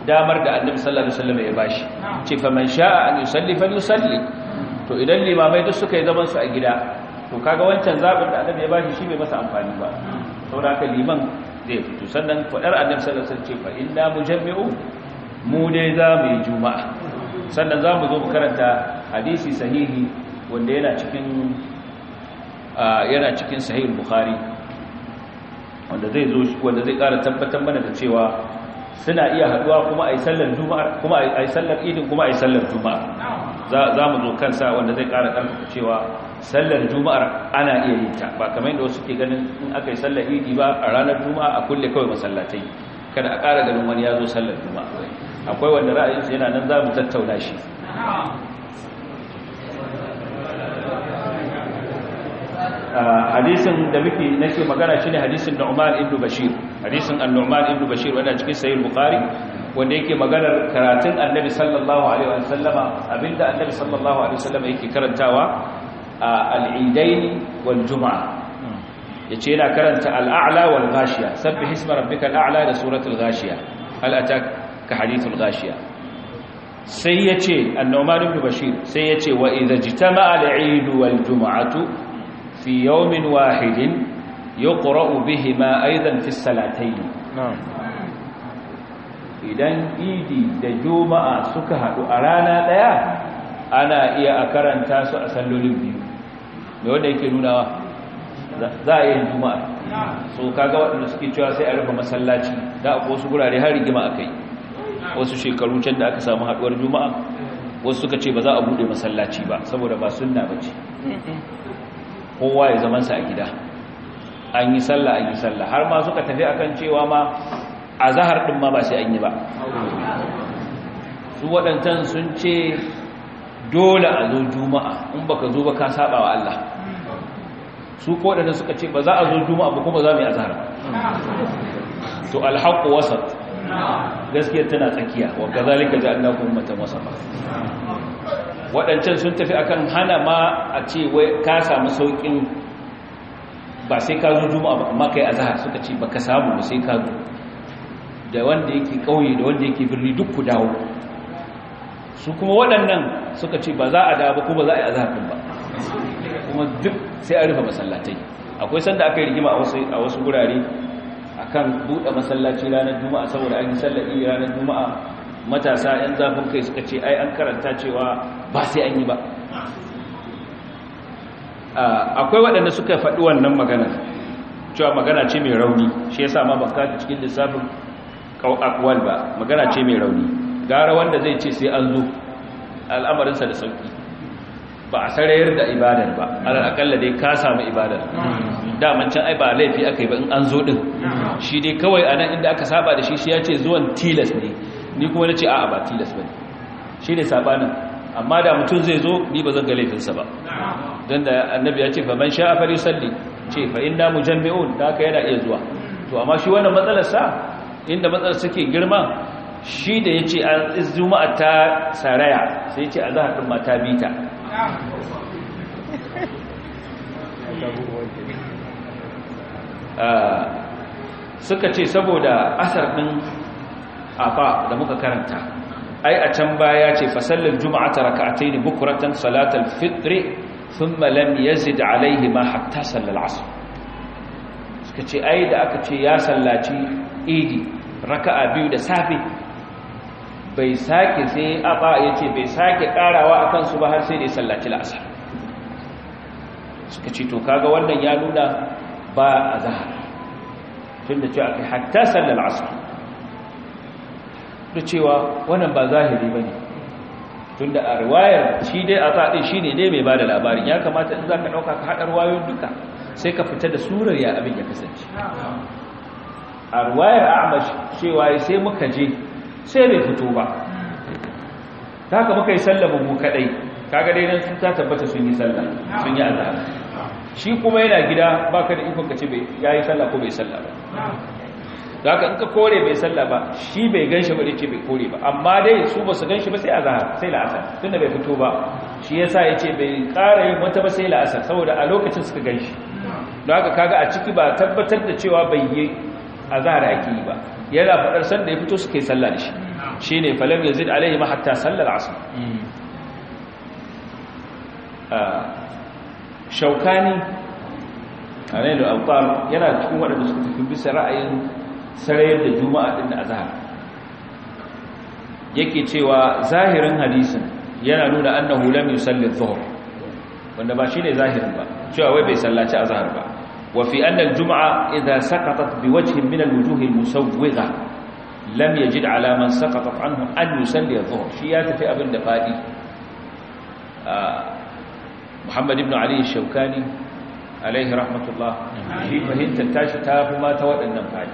damar da annabi sallallahu alaihi wasallama ya bashi ce fa man sha'a an yusalli falyusalli to idan limamai duk suka yi zaman su a gida to kaga wancan zabin da annabi ya bashi shi bai masa amfani ba saboda haka liman zai fito sannan faɗar annabi sallallahu alaihi wasallam ce fa inna mujammi'u mu dai za mu yi juma'a sannan za mu zo mu karanta hadisi sahihi wanda yana cikin yana cikin sahih bukhari wanda zai zo wanda zai ƙara tabbatar mana da cewa suna iya haduwa kuma ai sallar juma'a kuma ai sallar idin kuma ai sallar juma'a za mu zo kansa wanda zai ƙara ƙarfafa cewa sallar juma'ar ana iya yin ta ba kamar yadda wasu ke ganin in aka yi sallar idi ba a ranar juma'a a kulle kawai masallatai kada a ƙara ganin wani ya zo sallar juma'a akwai wanda ra'ayinsa yana nan za mu tattauna shi hadisin da muke nake magana shine hadisin Nu'man ibn Bashir hadisin An-Nu'man ibn Bashir wanda cikin sahih Bukhari wanda yake maganar karatun Annabi sallallahu alaihi wa sallama. abinda Annabi sallallahu alaihi wa wasallama yake karantawa al-Eidain wal Jum'a yace yana karanta al-A'la wal Ghashiya sabbih isma rabbikal a'la da suratul Ghashiya hal atak ka hadithul gashiya sai ya ce annoman ibn bashir sai ya ce wa idha jitama al-eid wal jum'atu fi yawmin wahidin yuqra'u bihima aidan fi salatayn idan idi da juma'a suka hadu a rana daya ana iya a karanta su a sallolin biyu da wanda yake nuna za a yi juma'a so kaga waɗanda suke cewa sai a rufe masallaci da a wasu gurare har rigima a kai wasu shekaru can da aka samu haɗuwar juma'a wasu suka ce ba za a bude masallaci ba saboda ba sunna bace kowa ya zaman sa a gida an yi sallah an yi sallah har ma suka tafi akan cewa ma a zahar din ma ba sai an yi ba su waɗancan sun ce dole a zo juma'a in baka zo ba ka saba wa Allah su ko da suka ce ba za a zo juma'a ba kuma za mu yi azhar to alhaqu wasat gaskiyar tana tsakiya wa kazalika ta masa ba. wadancan sun tafi akan hana ma a ce wai ka samu saukin ba sai ka zo juma'a ba amma kai azhar suka ce ba ka samu ba sai ka zo da wanda yake kauye da wanda yake birni duk ku dawo su kuma waɗannan suka ce ba za a dawo ba ko ba za a yi azhar din ba kuma duk sai a rufe masallatai akwai sanda aka yi rigima a wasu gurare Kan buɗe masallaci ranar juma'a saboda an yi sallar ranar juma'a matasa yan zafin kai suka ce ai an karanta cewa ba sai an yi ba akwai waɗanda suka faɗi wannan magana cewa magana ce mai rauni shi yasa ma baka cikin lissafin akwal ba magana ce mai rauni gara wanda zai ce sai an zo al'amarinsa da sauki ba a sarayar da ibadar ba alal akalla dai ka samu ibadar daman can ai ba laifi aka yi ba in an zo din shi dai kawai anan inda aka saba da shi shi ya ce zuwan tilas ne ni kuma na ce a'a ba tilas ba ne shi ne sabanin amma da mutum zai zo ni ba zan ga laifinsa ba don da annabi ya ce fa man sha afari salli ce fa inna mujammi'un da aka yana iya zuwa to amma shi wannan matsalar sa inda matsalar suke girma shi da yace an juma'a ta saraya sai yace azhar din ma ta bita Ah, suka ce saboda asar ɗin afa da muka karanta ai a can baya ce fasallin juma'a ta raka'atai ne bukuratan salatar fitri sun malam ya zida alaihi ma hatta sallar Asu. suka ce ai da aka ce ya sallaci idi raka'a biyu da safe bai sake sai aba ya ce bai sake karawa a kansu ba har sai da ya sallaci la'asar suka ce to kaga wannan ya nuna ba a zahar tun da cewa kai hatta sallar asar da cewa wannan ba zahiri ba ne tun da a riwayar shi dai a zaɗin shi ne dai mai ba da labarin ya kamata in za ka ɗauka ka haɗar wayoyin duka sai ka fita da surar ya abin ya kasance a riwayar amash cewa sai muka je sai bai fito ba ta haka muka yi sallama mu kadai kaga dai nan sun ta tabbata sun yi sallah sun yi azhar shi kuma yana gida baka da ikon ce ya yayi sallah ko bai sallah ba haka in ka kore bai sallah ba shi bai ganshi ba ce bai kore ba amma dai su ba su ganshi ba sai azhar sai la'asar tunda bai fito ba shi yasa ce bai ƙara yin wata ba sai la'asar saboda a lokacin suka ganshi don haka kaga a ciki ba tabbatar da cewa bai yi azhar ake yi ba yana fadar sanda ya fito suke sallah da shi shine falam yazid alaihi ma hatta sallal asr shaukani alaihi da abqal yana cikin wadanda suka tafi bisa ra'ayin sarayar da juma'a din da azhar yake cewa zahirin hadisin yana nuna annahu lam yusalli dhuhr wanda ba shine zahirin ba cewa wai bai sallaci azhar ba وفي أن الجمعة إذا سقطت بوجه من الوجوه المسوغة لم يجد على من سقطت عنه أن يسلي الظهر شيات في أبن دقائي آه محمد بن علي الشوكاني عليه رحمة الله في فهين تنتاش تاهما تود النمفاني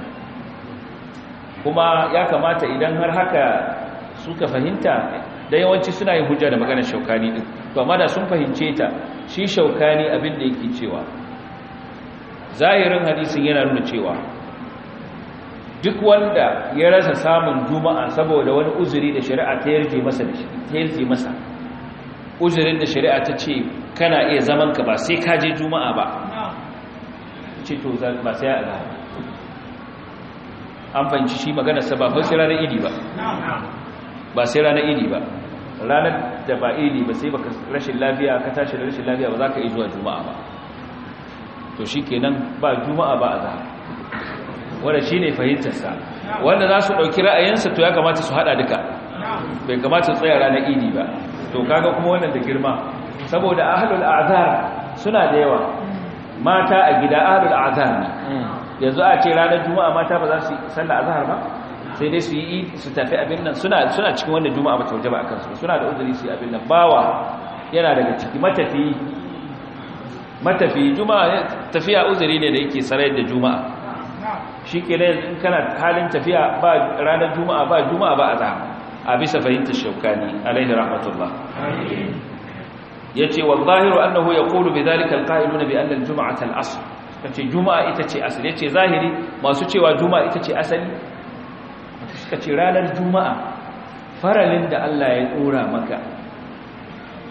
كما ياك مات إذن هر هكا سوك فهمتا da yawanci suna yin hujja da maganar shaukani din to amma da sun fahince ta shi shaukani abin da yake cewa zahirin hadisin yana nuna cewa duk wanda ya rasa samun juma'a saboda wani uzuri da shari'a ta yarje masa da shi ta yarje masa uzurin da shari'a ta ce kana iya zaman ka ba sai ka je juma'a ba ce to ba sai Allah an fanci shi magana sa ba fa sai ranar idi ba ba sai ranar idi ba ranar da ba idi ba sai baka rashin lafiya ka tashi da rashin lafiya ba za ka yi zuwa juma'a ba to shi kenan ba juma'a ba a zahar Wadda shi ne fahimtarsa wanda za su ɗauki ra'ayinsa to ya kamata su haɗa duka bai kamata su tsaya ranar idi ba to kaga kuma wannan da girma saboda ahalul azhar suna da yawa mata a gida ahalul azhar ne yanzu a ce ranar juma'a mata ba za su sallar azhar ba sai dai su yi su tafi abin nan suna suna cikin wanda juma'a ba ta waje ba akan su suna da uzuri su yi abin nan bawa yana daga ciki matafi matafi juma'a tafiya uzuri ne da yake sarai da juma'a shi ke in kana halin tafiya ba ranar juma'a ba juma'a ba a za a bisa fahimtar shaukani alaihi rahmatullah ya ce wa zahiru annahu ya kulu bi zalika na bi anna aljum'ata al Ka ce juma'a ita ce asali ce zahiri masu cewa juma'a ita ce asali Ka ce ranar juma'a faralin da Allah ya dora maka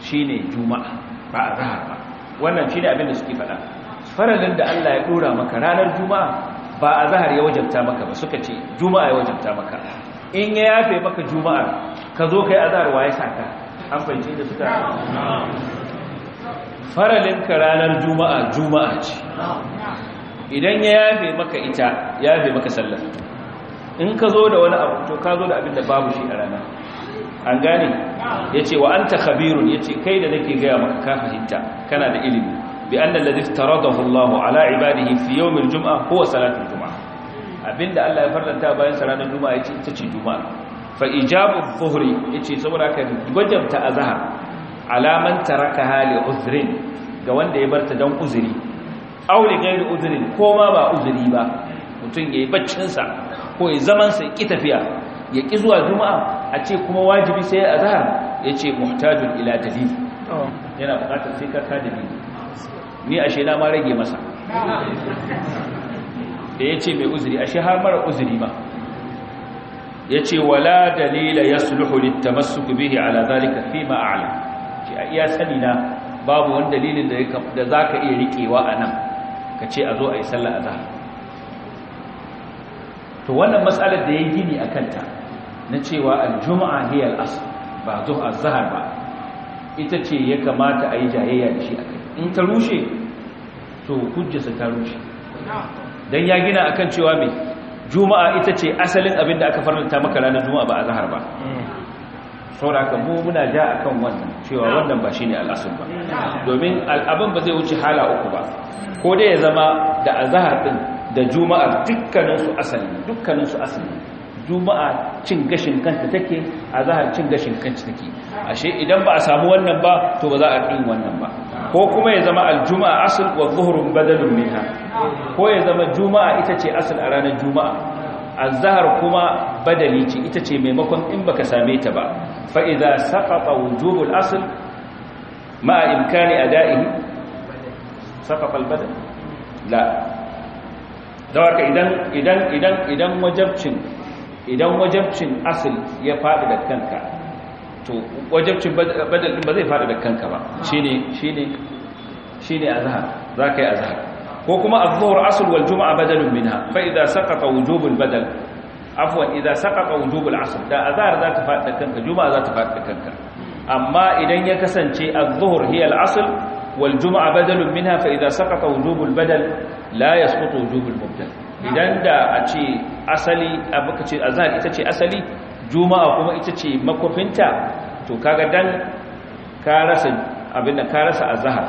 shine juma'a ba a zahar ba wannan shi ne abin da suke faɗa faralin da Allah ya dora maka ranar juma'a ba a zahar ya wajabta maka ba suka ce juma'a ya wajabta maka in ya yafe maka juma'a ka zo kai azhar waye saka an fahimci da suka faralin ka ranar juma'a juma'a ce idan ya yafe maka ita ya yafe maka sallar in ka zo da wani abu to ka zo da abin da babu shi a rana an gane ya ce wa an ta khabirun ya ce kai da nake gaya maka ka fahimta kana da ilimi bi an da ladif taradahu allahu ala ibadihi fi yawmin juma'a huwa salatul juma'a abinda allah ya farlanta bayan salatul juma'a ya ce ita ce juma'a fa ijabu dhuhri ya ce saboda ka gwajabta azhar ala man taraka hali uzrin ga wanda ya barta dan uzuri aw li ghairi uzrin ko ma ba uzuri ba mutum yayi baccin sa ko ya zaman sa ki tafiya ya ƙi zuwa juma'a a ce kuma wajibi sai a zahar ya ce muhtajun ila dalili oh. yana buƙatar sai ka dalili ni ashe na ma rage masa da ya ce mai uzuri ashe har mara uzuri ma ya ce wala dalila ya suluhu littamassuku bihi ala zalika fi ma'ala ce a iya sani na babu wani dalilin da za ka iya riƙewa a nan ka ce a zo a yi sallah a zahar to wannan matsalar da ya gini a kanta na cewa aljuma'a hiyar asr ba zuwa zahar ba ita ce ya kamata a yi jayayya da shi a kai in ta rushe to hujjasa ta rushe don ya gina akan cewa mai juma'a ita ce asalin abin da aka farnata maka ranar juma'a ba a zahar ba saura ka mu muna ja kan wannan cewa wannan ba shine al'asun ba domin al'abin ba zai wuce hala uku ba ko dai ya zama da azhar ɗin da juma'ar dukkaninsu asali dukkanin asali juma'a cin gashin kanta take a zahar cin gashin kanta take ashe idan ba a samu wannan ba to ba za a ɗin wannan ba ko kuma ya zama aljuma'a asal wa zuhrun badalun minha ko ya zama juma'a ita ce asal a ranar juma'a azhar kuma badali ce ita ce maimakon in baka same ta ba fa idza saqata wujubul asl ma imkani ada'ihi saqata albadal la dawaka idan idan idan idan wajabcin idan wajabcin asal ya faɗi da kanka to wajabcin badal ɗin ba zai faɗi da kanka ba shine shine shine azhar zaka yi azhar ko kuma az-zuhr asl wal jum'a badalun minha fa idza saqata wujubul badal afwan idza saqata wujubul asl da azhar za ta faɗi da kanka juma'a za ta faɗi da kanka amma idan ya kasance az-zuhr hiya al-asl wal jum'a badalun minha fa idza saqata wujubul badal la yasqutu wujubul mubtada idan da a ce asali abuka ce azhar ita ce asali juma'a kuma ita ce makofinta to kaga dan ka rasa abin da ka rasa azhar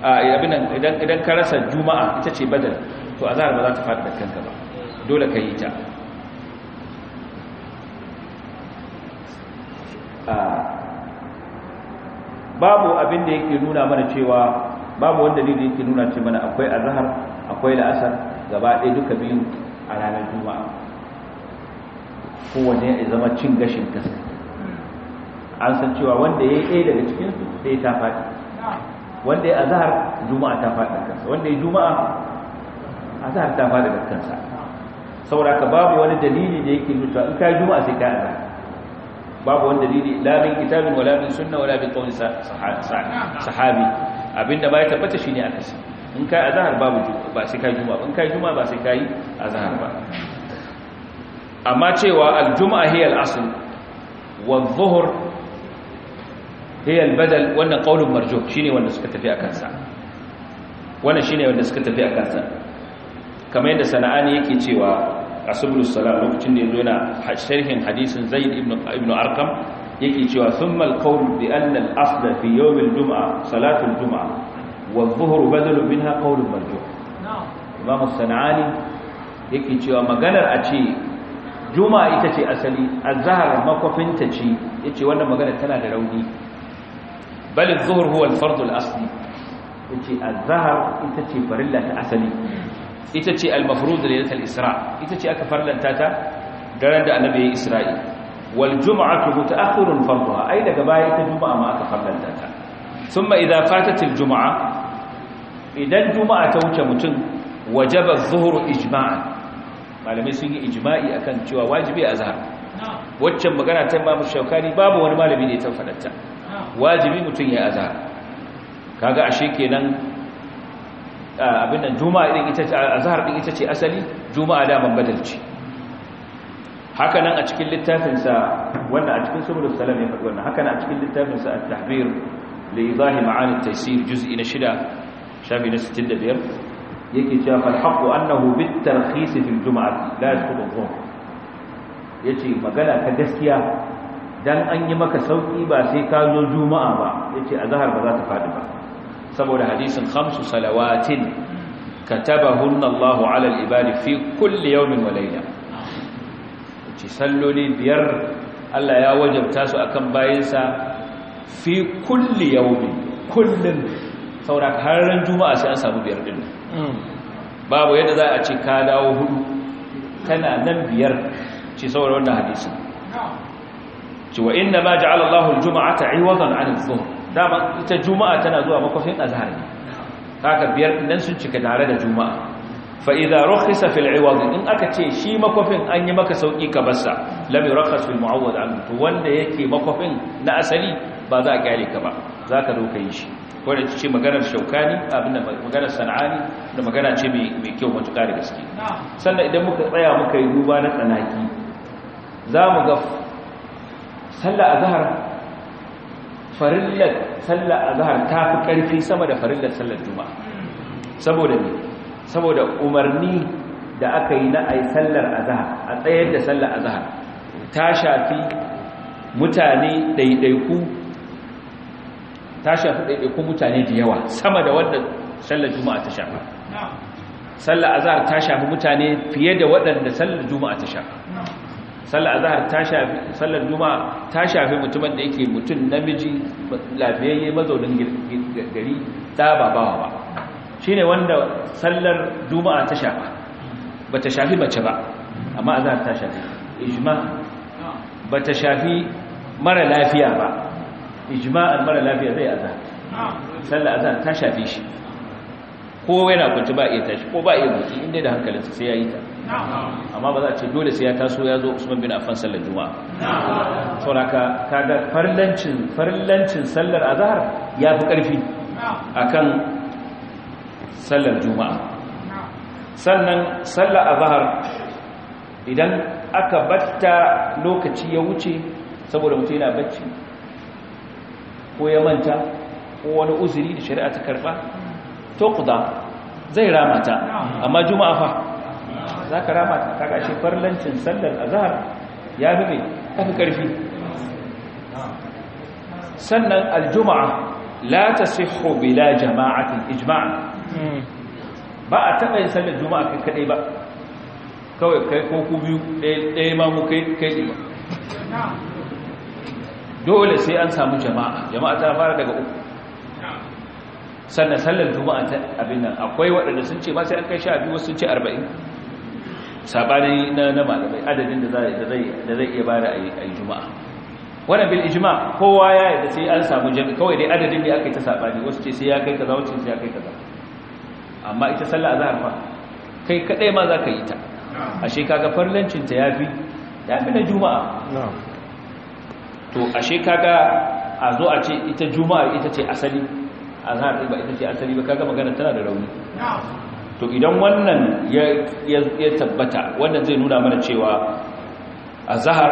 abin idan idan ka rasa juma'a ita ce badal to azhar ba za ta faɗi kanka ba dole ka yi ta babu abin da yake nuna mana cewa babu wanda ne da yake nuna ce mana akwai azhar akwai la'asar gaba ɗaya duka biyu a ranar juma'a kowane ya zama cin gashin kasa an san cewa wanda ya yi ɗaya daga cikinsu sai ta faɗi wanda ya azahar juma'a ta faɗi kansa wanda ya juma'a azahar ta faɗi da kansa saboda ka babu wani dalili da yake nuna in ka juma'a sai ka azahar babu wani dalili la min kitabin wala min sunna wala min qawli sahabi abinda ba ya tabbata shine akasi in kai azhar babu ba sai kai juma'a in kai juma'a ba sai kai azhar ba amma cewa aljuma'a hiya al-asl wa adh-dhuhr hiya al-badal wannan qaulun marjuh shine wanda suka tafi a kansa wannan shine wanda suka tafi a kansa kamar yadda sana'ani yake cewa asbulus salam lokacin da yazo yana sharhin hadisin zaid ibn ibn arqam yake cewa thumma al-qawl bi anna al-asla fi yawm al-jum'a salatu juma والظهر بدل منها قول مرجوح imam sana'ani yake cewa maganar a ce Juma'a ita ce asali azhar makofinta ce yace wannan magana tana da rauni bal az-zuhr huwa al-fard al-asli yace azhar ita ce farilla ta asali ita ce al-mafruz lailat al-isra ita ce aka farlanta ta daren da annabi ya isra'i wal jum'atu mutaakhirun farduha ai daga baya ita juma'a ma aka farlanta ta thumma idan fatatil juma'a idan juma'a ta wuce mutum wajaba zuhru ijma'an malamai sun yi ijma'i kan cewa wajibi zahar waccan magana ta Imam Shawkani babu wani malami ne ta tafada wajibi mutum ya azhar kaga ashe kenan abin nan juma'a din ita ce azhar din ita ce asali juma'a da man badalci haka nan a cikin littafinsa wannan a cikin subul salam ya faɗi wannan haka nan a cikin at-tahbir لإيضاح معاني التيسير جزء نشدة شافي ناس تلد بير يكي شاف الحق أنه بالترخيص في الجمعة لا يسقط الظهر يكي مقالة كدسكية dan an yi maka sauki ba sai ka zo juma'a ba yace azhar ba za ta faɗi ba saboda hadisin khamsu salawatin katabahunna Allah 'ala al-ibad fi kulli yawmin wa layla yace salloli biyar Allah ya wajabta su akan bayinsa fi kulli yaumi kullum saura har ran juma'a sai an samu biyar din mm. babu yadda za a ce ka dawo hudu kana nan biyar ce saboda wannan hadisi ce wa inna ma ja'ala Allahu al-jum'ata 'iwadan 'an adh-dhuhr dama ita juma'a tana zuwa makofin azhar ne haka biyar nan sun cika tare da juma'a fa idza rukhisa fil 'iwad in aka ce shi makofin an yi maka sauki ka bassa lam yurakhas fil mu'awwad 'an to wanda yake makofin na asali ba za a kyale ka ba za ka zo ka yi shi wadda ce maganar shaukani abinda maganar sana'ani da magana ce mai kyau matuƙa da gaske sannan idan muka tsaya muka yi duba na tsanaki za mu ga sallah a zahar farillar sallah a zahar ta fi ƙarfi sama da farillar sallar juma saboda ne saboda umarni da aka yi na a yi sallar a zahar a tsayar da sallar a zahar ta shafi mutane ɗaiɗaiku ta shafi ɗaiɗaikun mutane da yawa sama da wanda sallar juma'a ta shafa sallar azahar ta shafi mutane fiye da waɗanda sallar juma'a ta shafa sallar azahar ta shafi sallar juma'a ta shafi mutumin da yake mutum namiji lafiyayye mazaunin gari da ba bawa ba shine wanda sallar juma'a ta shafa ta shafi mace ba amma azahar ta shafi ijma ta shafi mara lafiya ba ijma'ar mara lafiya zai azan sallar azan ta shafe shi ko yana kwanci ba iya tashi ko ba iya buki inda da hankalinsa sai ya yi ta amma ba za a ce dole sai ya taso ya zo usman bin afan sallar juma'a sauraka kada farlancin sallar azahar ya fi karfi akan sallar juma'a sannan sallar azahar idan aka batta lokaci ya wuce saboda mutum yana bacci ko ya manta ko wani uzuri da shari'a ta karba to kuda zai ramata amma juma'a fa za ka ramata ta gashi farlancin sallar azhar ya fi mai kafi karfi sannan aljuma'a la tasihhu bila jama'atin ijma' ba a taɓa yin sallar juma'a kai kaɗai ba kawai kai ko ku biyu ɗaya ma mu kai kai ba dole sai an samu jama'a jama'a ta fara daga uku sannan sallar juma'a ta abin nan akwai waɗanda sun ce ma sai an kai sha biyu sun ce arba'in sabani na na malamai adadin da zai da zai iya bara a yi juma'a wannan bil ijma kowa ya yarda sai an samu jami'a kawai dai adadin da aka yi ta sabani wasu ce sai ya kai kaza wasu ce ya kai kaza amma ita sallar azhar fa kai kadai ma za ka yi ta ashe kaga farlancin ta yafi yafi na juma'a to ashe kaga a zo a ce ita juma'a ita ce asali azhar ba ita ce asali ba kaga magana tana da rauni to idan wannan ya tabbata wannan zai nuna mana cewa azhar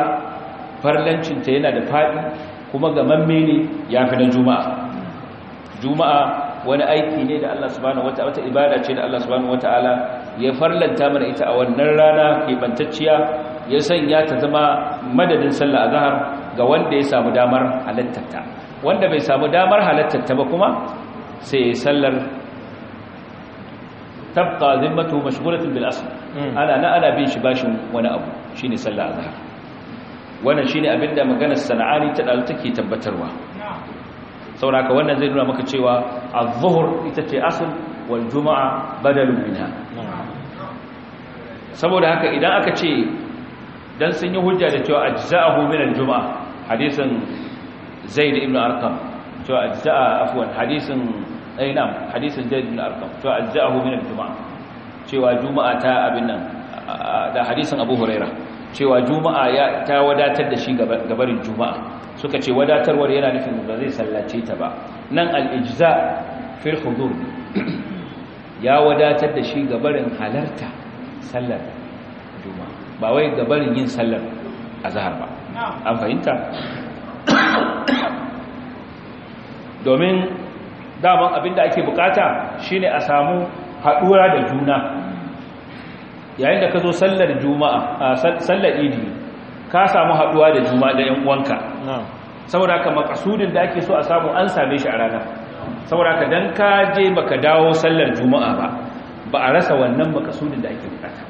farlancin ta yana da fadi kuma gamamme ne yafi na juma'a juma'a wani aiki ne da Allah subhanahu wataala wata ibada ce da Allah subhanahu wataala ya farlanta mana ita a wannan rana kebantacciya ya sanya ta zama madadin sallah azhar ga wanda ya samu damar halattata wanda bai samu damar halattata ba kuma sai ya sallar tabka zimmatu mashghulatin bil asl mm. ana na ana bin shi bashin wani abu shine sallar azhar wannan shine abinda maganar sana'ani ta dal take tabbatarwa sauraka wannan zai nuna maka cewa az-zuhr ita ce asl wal juma'a badalun minha saboda haka idan aka ce dan sun yi hujja da cewa ajza'ahu min al-juma'a hadisin zaid ibn arqam to ajza'a afwan hadisin eh, ainam hadisin zaid ibn arkam to ajza'ahu min al Juma'a, cewa juma'a ta abin nan da hadisin abu huraira cewa juma'a ta wadatar da shi gabarin juma'a suka ce wadatarwar yana nufin ba zai sallace ta ba nan al-ijza fil hudur ya wadatar da shi gabarin halarta sallar juma'a ba wai gabarin yin sallar azhar ba an fahimta domin daman abinda ake bukata shine a samu haɗura da juna yayin da ka zo sallar juma'a sallar idi ka samu haɗuwa da juma'a da 'yan uwanka saboda ka makasudin da ake so a samu an same shi a rana. saboda ka don ka je baka dawo sallar juma'a ba ba a rasa wannan makasudin da ake bukata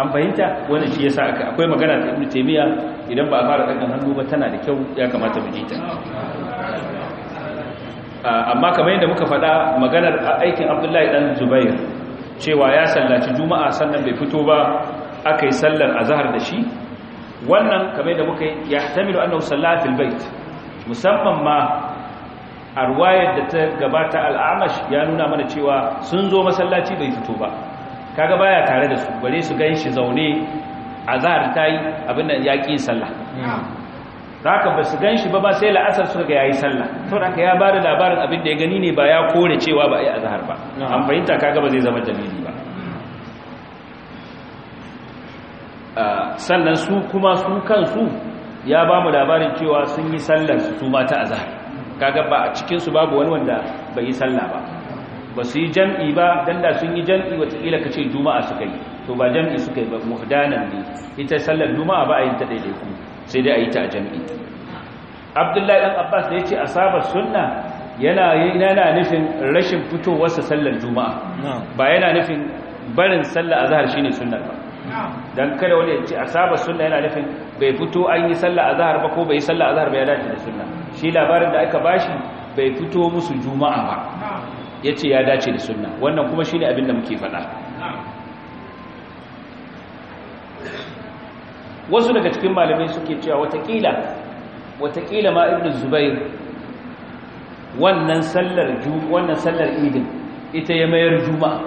an fahimta wani shi yasa aka akwai magana ta ibn taymiya idan ba a fara dakan hannu ba tana da kyau ya kamata mu ji ta amma kamar yadda muka faɗa maganar aikin abdullahi dan zubair cewa ya sallaci juma'a sannan bai fito ba aka yi sallar zahar da shi wannan kamar yadda muka yi ya tamilu annahu salla bait musamman ma arwayar da ta gabata al'amash ya nuna mana cewa sun zo masallaci bai fito ba kaga baya tare da su bare su ganshi shi zaune zahar tayi abin ya ki sallah haka ba su gan ba ba sai la'asar suka ga yayi sallah to mm. haka ya bada labarin abin da ya gani ne ba ya kore cewa ba a ai azhar ba an fahimta kaga ba zai zama dalili ba mm. ah, sannan su kuma su kansu ya ba mu labarin cewa sun yi sallar su mata azhar kaga ba a cikin su babu wani wanda bai yi sallah ba ba su yi jam'i ba don da sun yi jam'i watakila ka ce juma'a suka yi to ba jam'i suka yi ba muhdanan ne ita sallar juma'a ba a yi ta ɗaiɗaiku sai dai a yi ta a jam'i abdullahi ɗan abbas da ya ce asabar sunna yana yana nufin rashin fitowarsa sallar juma'a ba yana nufin barin sallar shi ne sunnar ba don kada wani ya ce asaba sunna yana nufin bai fito an yi sallar azhar ba ko bai yi sallar azhar ba ya dace da sunna shi labarin da aka bashi bai fito musu juma'a ba ya ce ya dace da sunna wannan kuma shi ne abin da muke faɗa wasu daga cikin malamai suke cewa watakila watakila ma ibn zubair wannan sallar wannan sallar idin ita ya mayar juma'a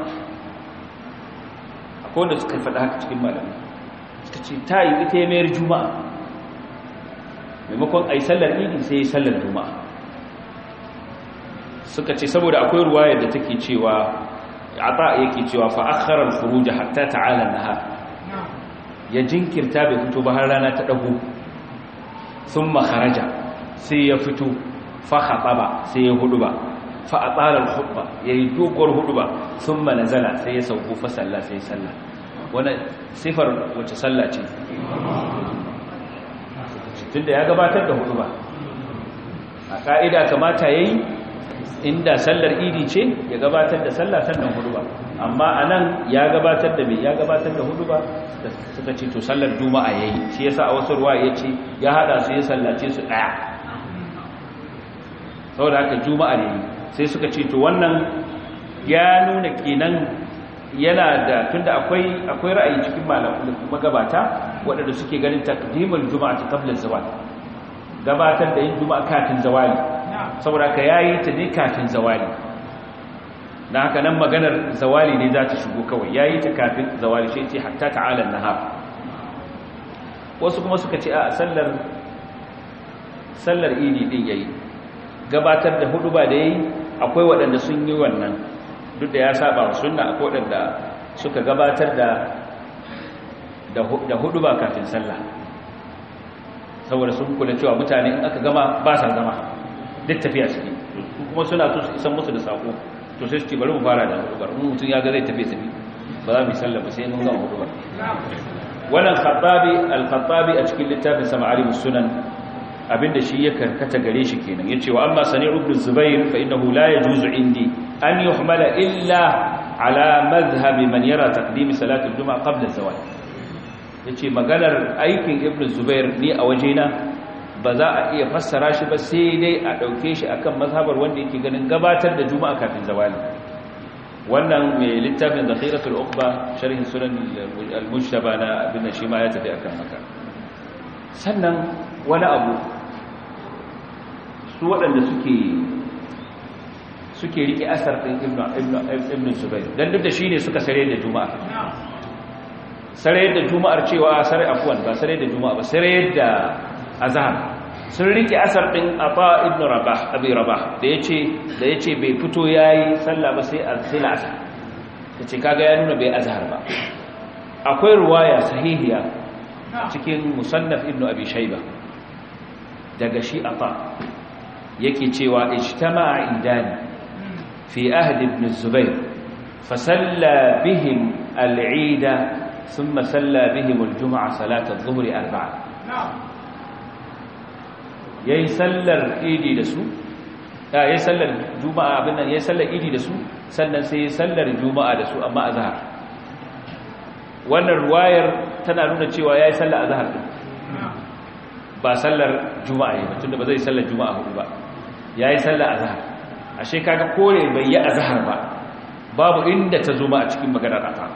akwai wanda suka faɗa haka cikin malamai suka ce ta yi ita ya mayar juma'a maimakon a yi sallar idin sai ya yi sallar juma'a suka ce saboda akwai ruwaya da take cewa ata yake cewa fa akhara al-furuj hatta ta'ala an-nahar ya jinkirta bai fito ba har rana ta dago thumma kharaja sai ya fito fa khataba sai ya huduba fa atala al-khutba yayi doguwar huduba thumma nazala sai ya sauko fa salla sai salla wannan sifar wacce salla ce tunda ya gabatar da huduba a ka'ida kamata yayi inda sallar idi ce ya gabatar da sallah sannan huduba amma anan ya gabatar da me ya gabatar da huduba suka ce to sallar juma'a yayi shi yasa a wasu ruwa yace ya haɗa su ya sallace su daya saboda haka juma'a ne sai suka ce to wannan ya nuna kenan yana da tunda akwai akwai ra'ayi cikin malamin magabata waɗanda suke ganin taqdimul juma'a ta qabla zawal gabatar da yin juma'a kafin zawali saboda ka yayi ta ne kafin zawali dan haka nan maganar zawali ne za ta shigo kawai yayi ta kafin zawali shi ce hatta ta'ala nahar wasu kuma suka ce a sallar sallar idi din yayi gabatar da huduba da yayi akwai waɗanda sun yi wannan duk da ya saba wa sunna akwai waɗanda suka gabatar da da huduba kafin sallah saboda sun kula cewa mutane in aka gama ba sa zama duk tafiya suke su kuma suna isan musu da sako to sai su bari mu fara da hudubar in mutum ya ga zai tafi tafi ba za mu yi sallah ba sai mun ga hudubar wannan khattabi al-khattabi a cikin littafin sama'ari musunan abinda shi ya karkata gare shi kenan yace wa amma sani ibn zubair fa innahu la yajuzu indi an yuhmala illa ala madhhab man yara taqdim salat al-jum'a qabla zawal yace maganar aikin ibn zubair ni a wajena ba za a iya fassara shi ba sai dai a ɗauke shi a kan mazhabar wanda yake ganin gabatar da juma'a kafin zawali wannan mai littafin da khiratul ba, sharhin sunan al ba na abin da shi ma ya tafi akan haka sannan wani abu su waɗanda suke riƙe rike asar ɗin ibn zubair don duk da shi ne suka sare da juma'a sare da juma'ar cewa sare afuwan ba sare da juma'a ba sare da azahar. sun rike asar ɗin afa ibn rabah rabah da yace ce bai fito yayi sallah ba sai azhar ta ce kaga ya nuna bai azhar ba akwai ruwaya sahihiya cikin musannaf ibn abi daga shi afa yake cewa ijtama'a idani في أهل ابن الزبير فسلى بهم العيد ثم سلى بهم الجمعة صلاة الظهر أربعة ya yi sallar idi da su ya yi sallar juma'a abin nan ya yi sallar idi da su sannan sai ya yi sallar juma'a da su amma a zahar wannan ruwayar tana nuna cewa ya yi sallar a zahar ba sallar juma'a yi mutum da ba zai sallar juma'a hudu ba ya yi sallar a zahar A shekara kore bai yi a zahar ba babu inda ta zo ba a cikin maganar asa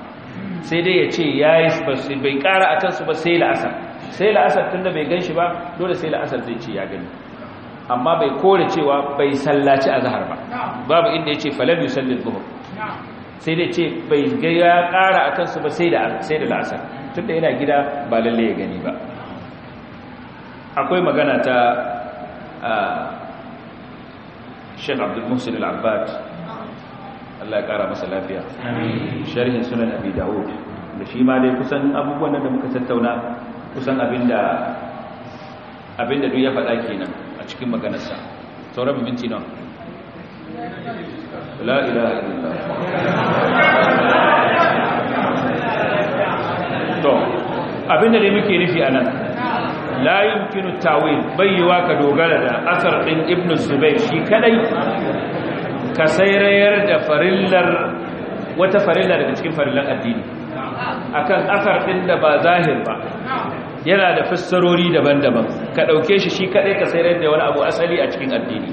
sai dai ya ce ya yi bai kara a kansu ba sai la'asar sai la'asar tunda bai gan shi ba dole sai la'asar zai ce ya gani amma bai kore cewa bai sallaci a zahar ba babu inda ya ce falam sallin dhuhr sai dai ce bai gaya kara ƙara kansu ba sai da tun da tunda yana gida ba lalle ya gani ba akwai magana ta Sheikh Abdul Muhsin Allah ya kara masa lafiya sharhin sunan Abi Dawud da shi ma dai kusan abubuwan da muka tattauna kusan abinda duk ya faɗa kenan a cikin maganarsa sauran minti nawa abinda ne muke nufi anan Layin kinu tawil bayyuwa ka dogara da asar ɗin ibn shi kadai ka sayrayar da farillar wata farillar daga cikin farillan addini akan asar ɗin da ba zahir ba yana da fassarori daban-daban ka ɗauke shi shi kaɗai ka sayar da wani abu asali a cikin addini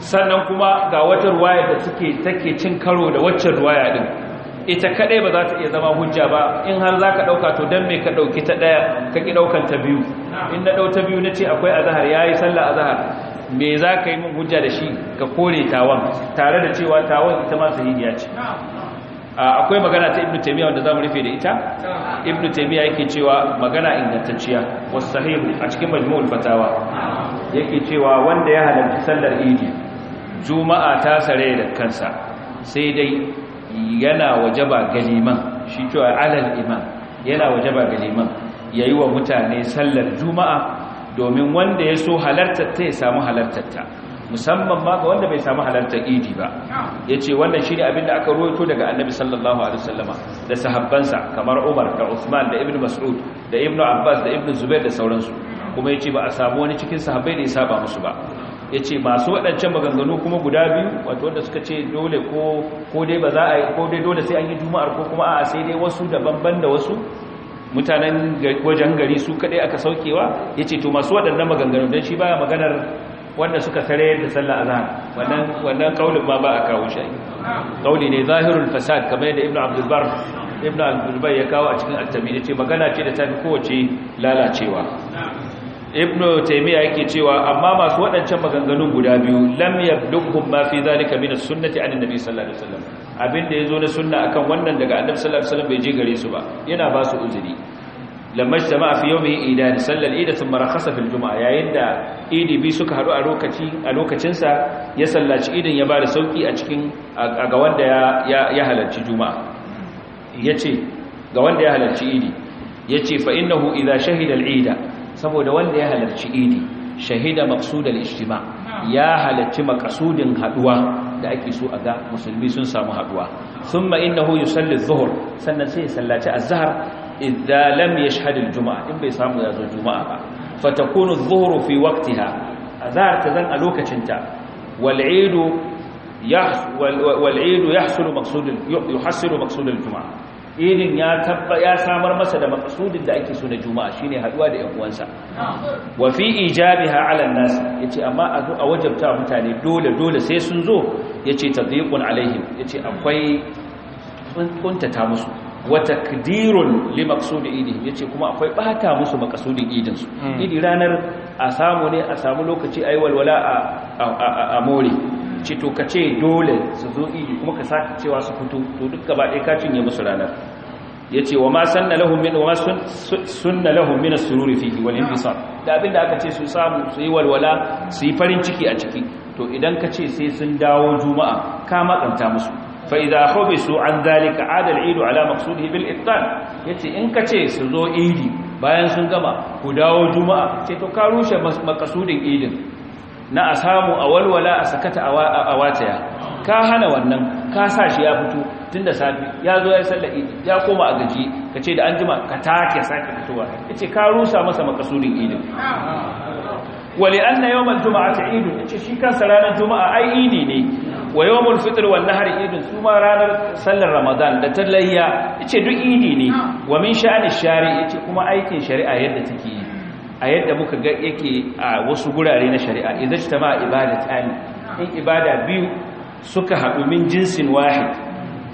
sannan kuma ga wata ruwaya da take take cin karo da waccan ruwaya ɗin, ita kaɗai ba za ta iya zama hujja ba in har za ka ɗauka to don me ka ɗauki ta ɗaya ka ƙi ɗaukan ta biyu in na ɗau ta biyu na ce akwai azahar ya yi sallah azahar me za ka yi min hujja da shi ka kore tawan tare da cewa tawan ita ma sahihiya ce akwai magana ta ibnu taymiya wanda zamu rufe da ita ibnu taymiya yake cewa magana ingantacciya sahih a cikin majmu'ul fatawa yake cewa wanda ya halarci sallar idi juma'a ta sare da kansa sai dai yana wajaba galiman shi cewa alal iman, yana wajaba galiman yayi wa mutane sallar juma'a domin wanda ya so halartar ta ya samu halartar ta musamman ma ga wanda bai samu halartar idi ba ya ce wannan shi ne da aka roto daga annabi sallallahu alaihi wasallama da sahabbansa kamar umar da usman da ibn mas'ud da ibn abbas da ibn zubair da sauransu kuma ya ce ba a samu wani cikin sahabbai da ya saba musu ba ya ce masu waɗancan maganganu kuma guda biyu wato wanda suka ce dole ko dai ba za a yi ko dai dole sai an yi juma'ar ko kuma a sai dai wasu daban-ban da wasu mutanen wajen gari su kaɗai aka saukewa ya ce to masu waɗannan maganganu don shi baya maganar wanda suka tare da sallar azhar wannan wannan kaulin ma ba a kawo shi kauli ne zahirul fasad kamar yadda ibnu abdul bar ibnu abdul bar ya kawo a cikin at-tamim yace magana ce da tafi kowace lalacewa ibnu taymiya yake cewa amma masu wadancan maganganun guda biyu lam yablughum ma fi zalika min as-sunnati an annabi sallallahu alaihi wasallam abinda yazo na sunna akan wannan daga annabi sallallahu alaihi wasallam bai je gare su ba yana ba su uzuri lamma jama'a fi yawmi idan sallal ida thumma rakhasa fil juma'a yayin da idi bi suka haɗu a lokaci a lokacin sa ya sallaci idan ya bada sauki a cikin ga wanda ya ya halarci juma'a yace ga wanda ya halarci idi yace fa innahu idza shahida al ida saboda wanda ya halarci idi shahida maqsudal ijtima ya halarci maqsudin haduwa da ake so a ga musulmi sun samu haduwa thumma innahu yusalli adh-dhuhr sannan sai ya sallaci az-zuhr idza lam yashhad al-jum'a in bai samu yazo juma'a ba fatakunu adh-dhuhru fi waqtiha azhar a lokacin ta wal 'id wal 'id yahsulu yuhassilu maqsud al-jum'a idin ya tabba ya samar masa da maqsudin da ake so na juma'a shine haduwa da ƴan uwansa wa fi ijabiha 'ala an-nas yace amma a wajabta mutane dole dole sai sun zo yace tadhiqun alaihim yace akwai kuntata musu wata kadirun li idi ya yace kuma akwai bata musu makasudin idinsu hmm. idi ranar a samu ne a samu lokaci ayi walwala a more ce to kace dole su zo idi kuma ka saka cewa su fito to duk gaba ɗaya ka cinye musu ranar ce wa ma sunna lahum min sururi fihi da abinda aka ce su samu su yi walwala su yi farin ciki a ciki to idan ka ce sai sun dawo juma'a ka makanta musu fa idza su an zalika ada al-eid ala maqsudihi bil ibtal yace in kace su zo idi bayan sun gama ku dawo juma'a ce to ka rushe makasudin idin na a samu a walwala a sakata a wataya ka hana wannan ka sa shi ya fito tun da safi ya zo ya sallar idi ya koma a gaji ka ce da an jima ka take sake fitowa yace ka rusa masa makasudin idin wali anna yawmal juma'ati idun yace shi kansa ranar juma'a ai idi ne wa yawmul fitr wan har idin su ma ranar sallar ramadan da talayya ce duk idi ne wa min sha'ani shari'a yace kuma aikin shari'a yadda take yi a yadda muka ga yake a wasu gurare na shari'a idan tama ibadatan in ibada biyu suka haɗu min jinsin wahid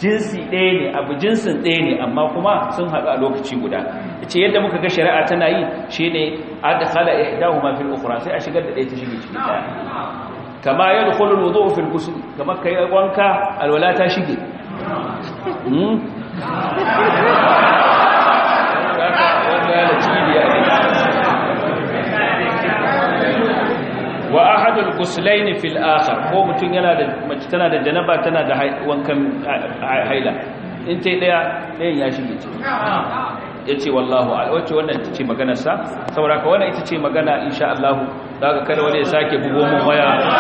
jinsi ɗaya ne abu jinsin ɗaya ne amma kuma sun haɗu a lokaci guda yace yadda muka ga shari'a tana yi shine adkhala ihdahuma fil ukhra sai a shigar da ɗaya ta shige cikin ɗaya kama yadkhulu alwudu fi alghusl kama ka yi wanka alwala ta shige hmm wa ahadul guslaini fil akhar ko mutum yana da mace tana da janaba tana da wankan haila in tai daya dayan ya shige ce yace wallahu ala wace wannan ita ce maganarsa. saboda ka wannan ita ce magana insha Allah zaka kada wani ya sake bugo mun waya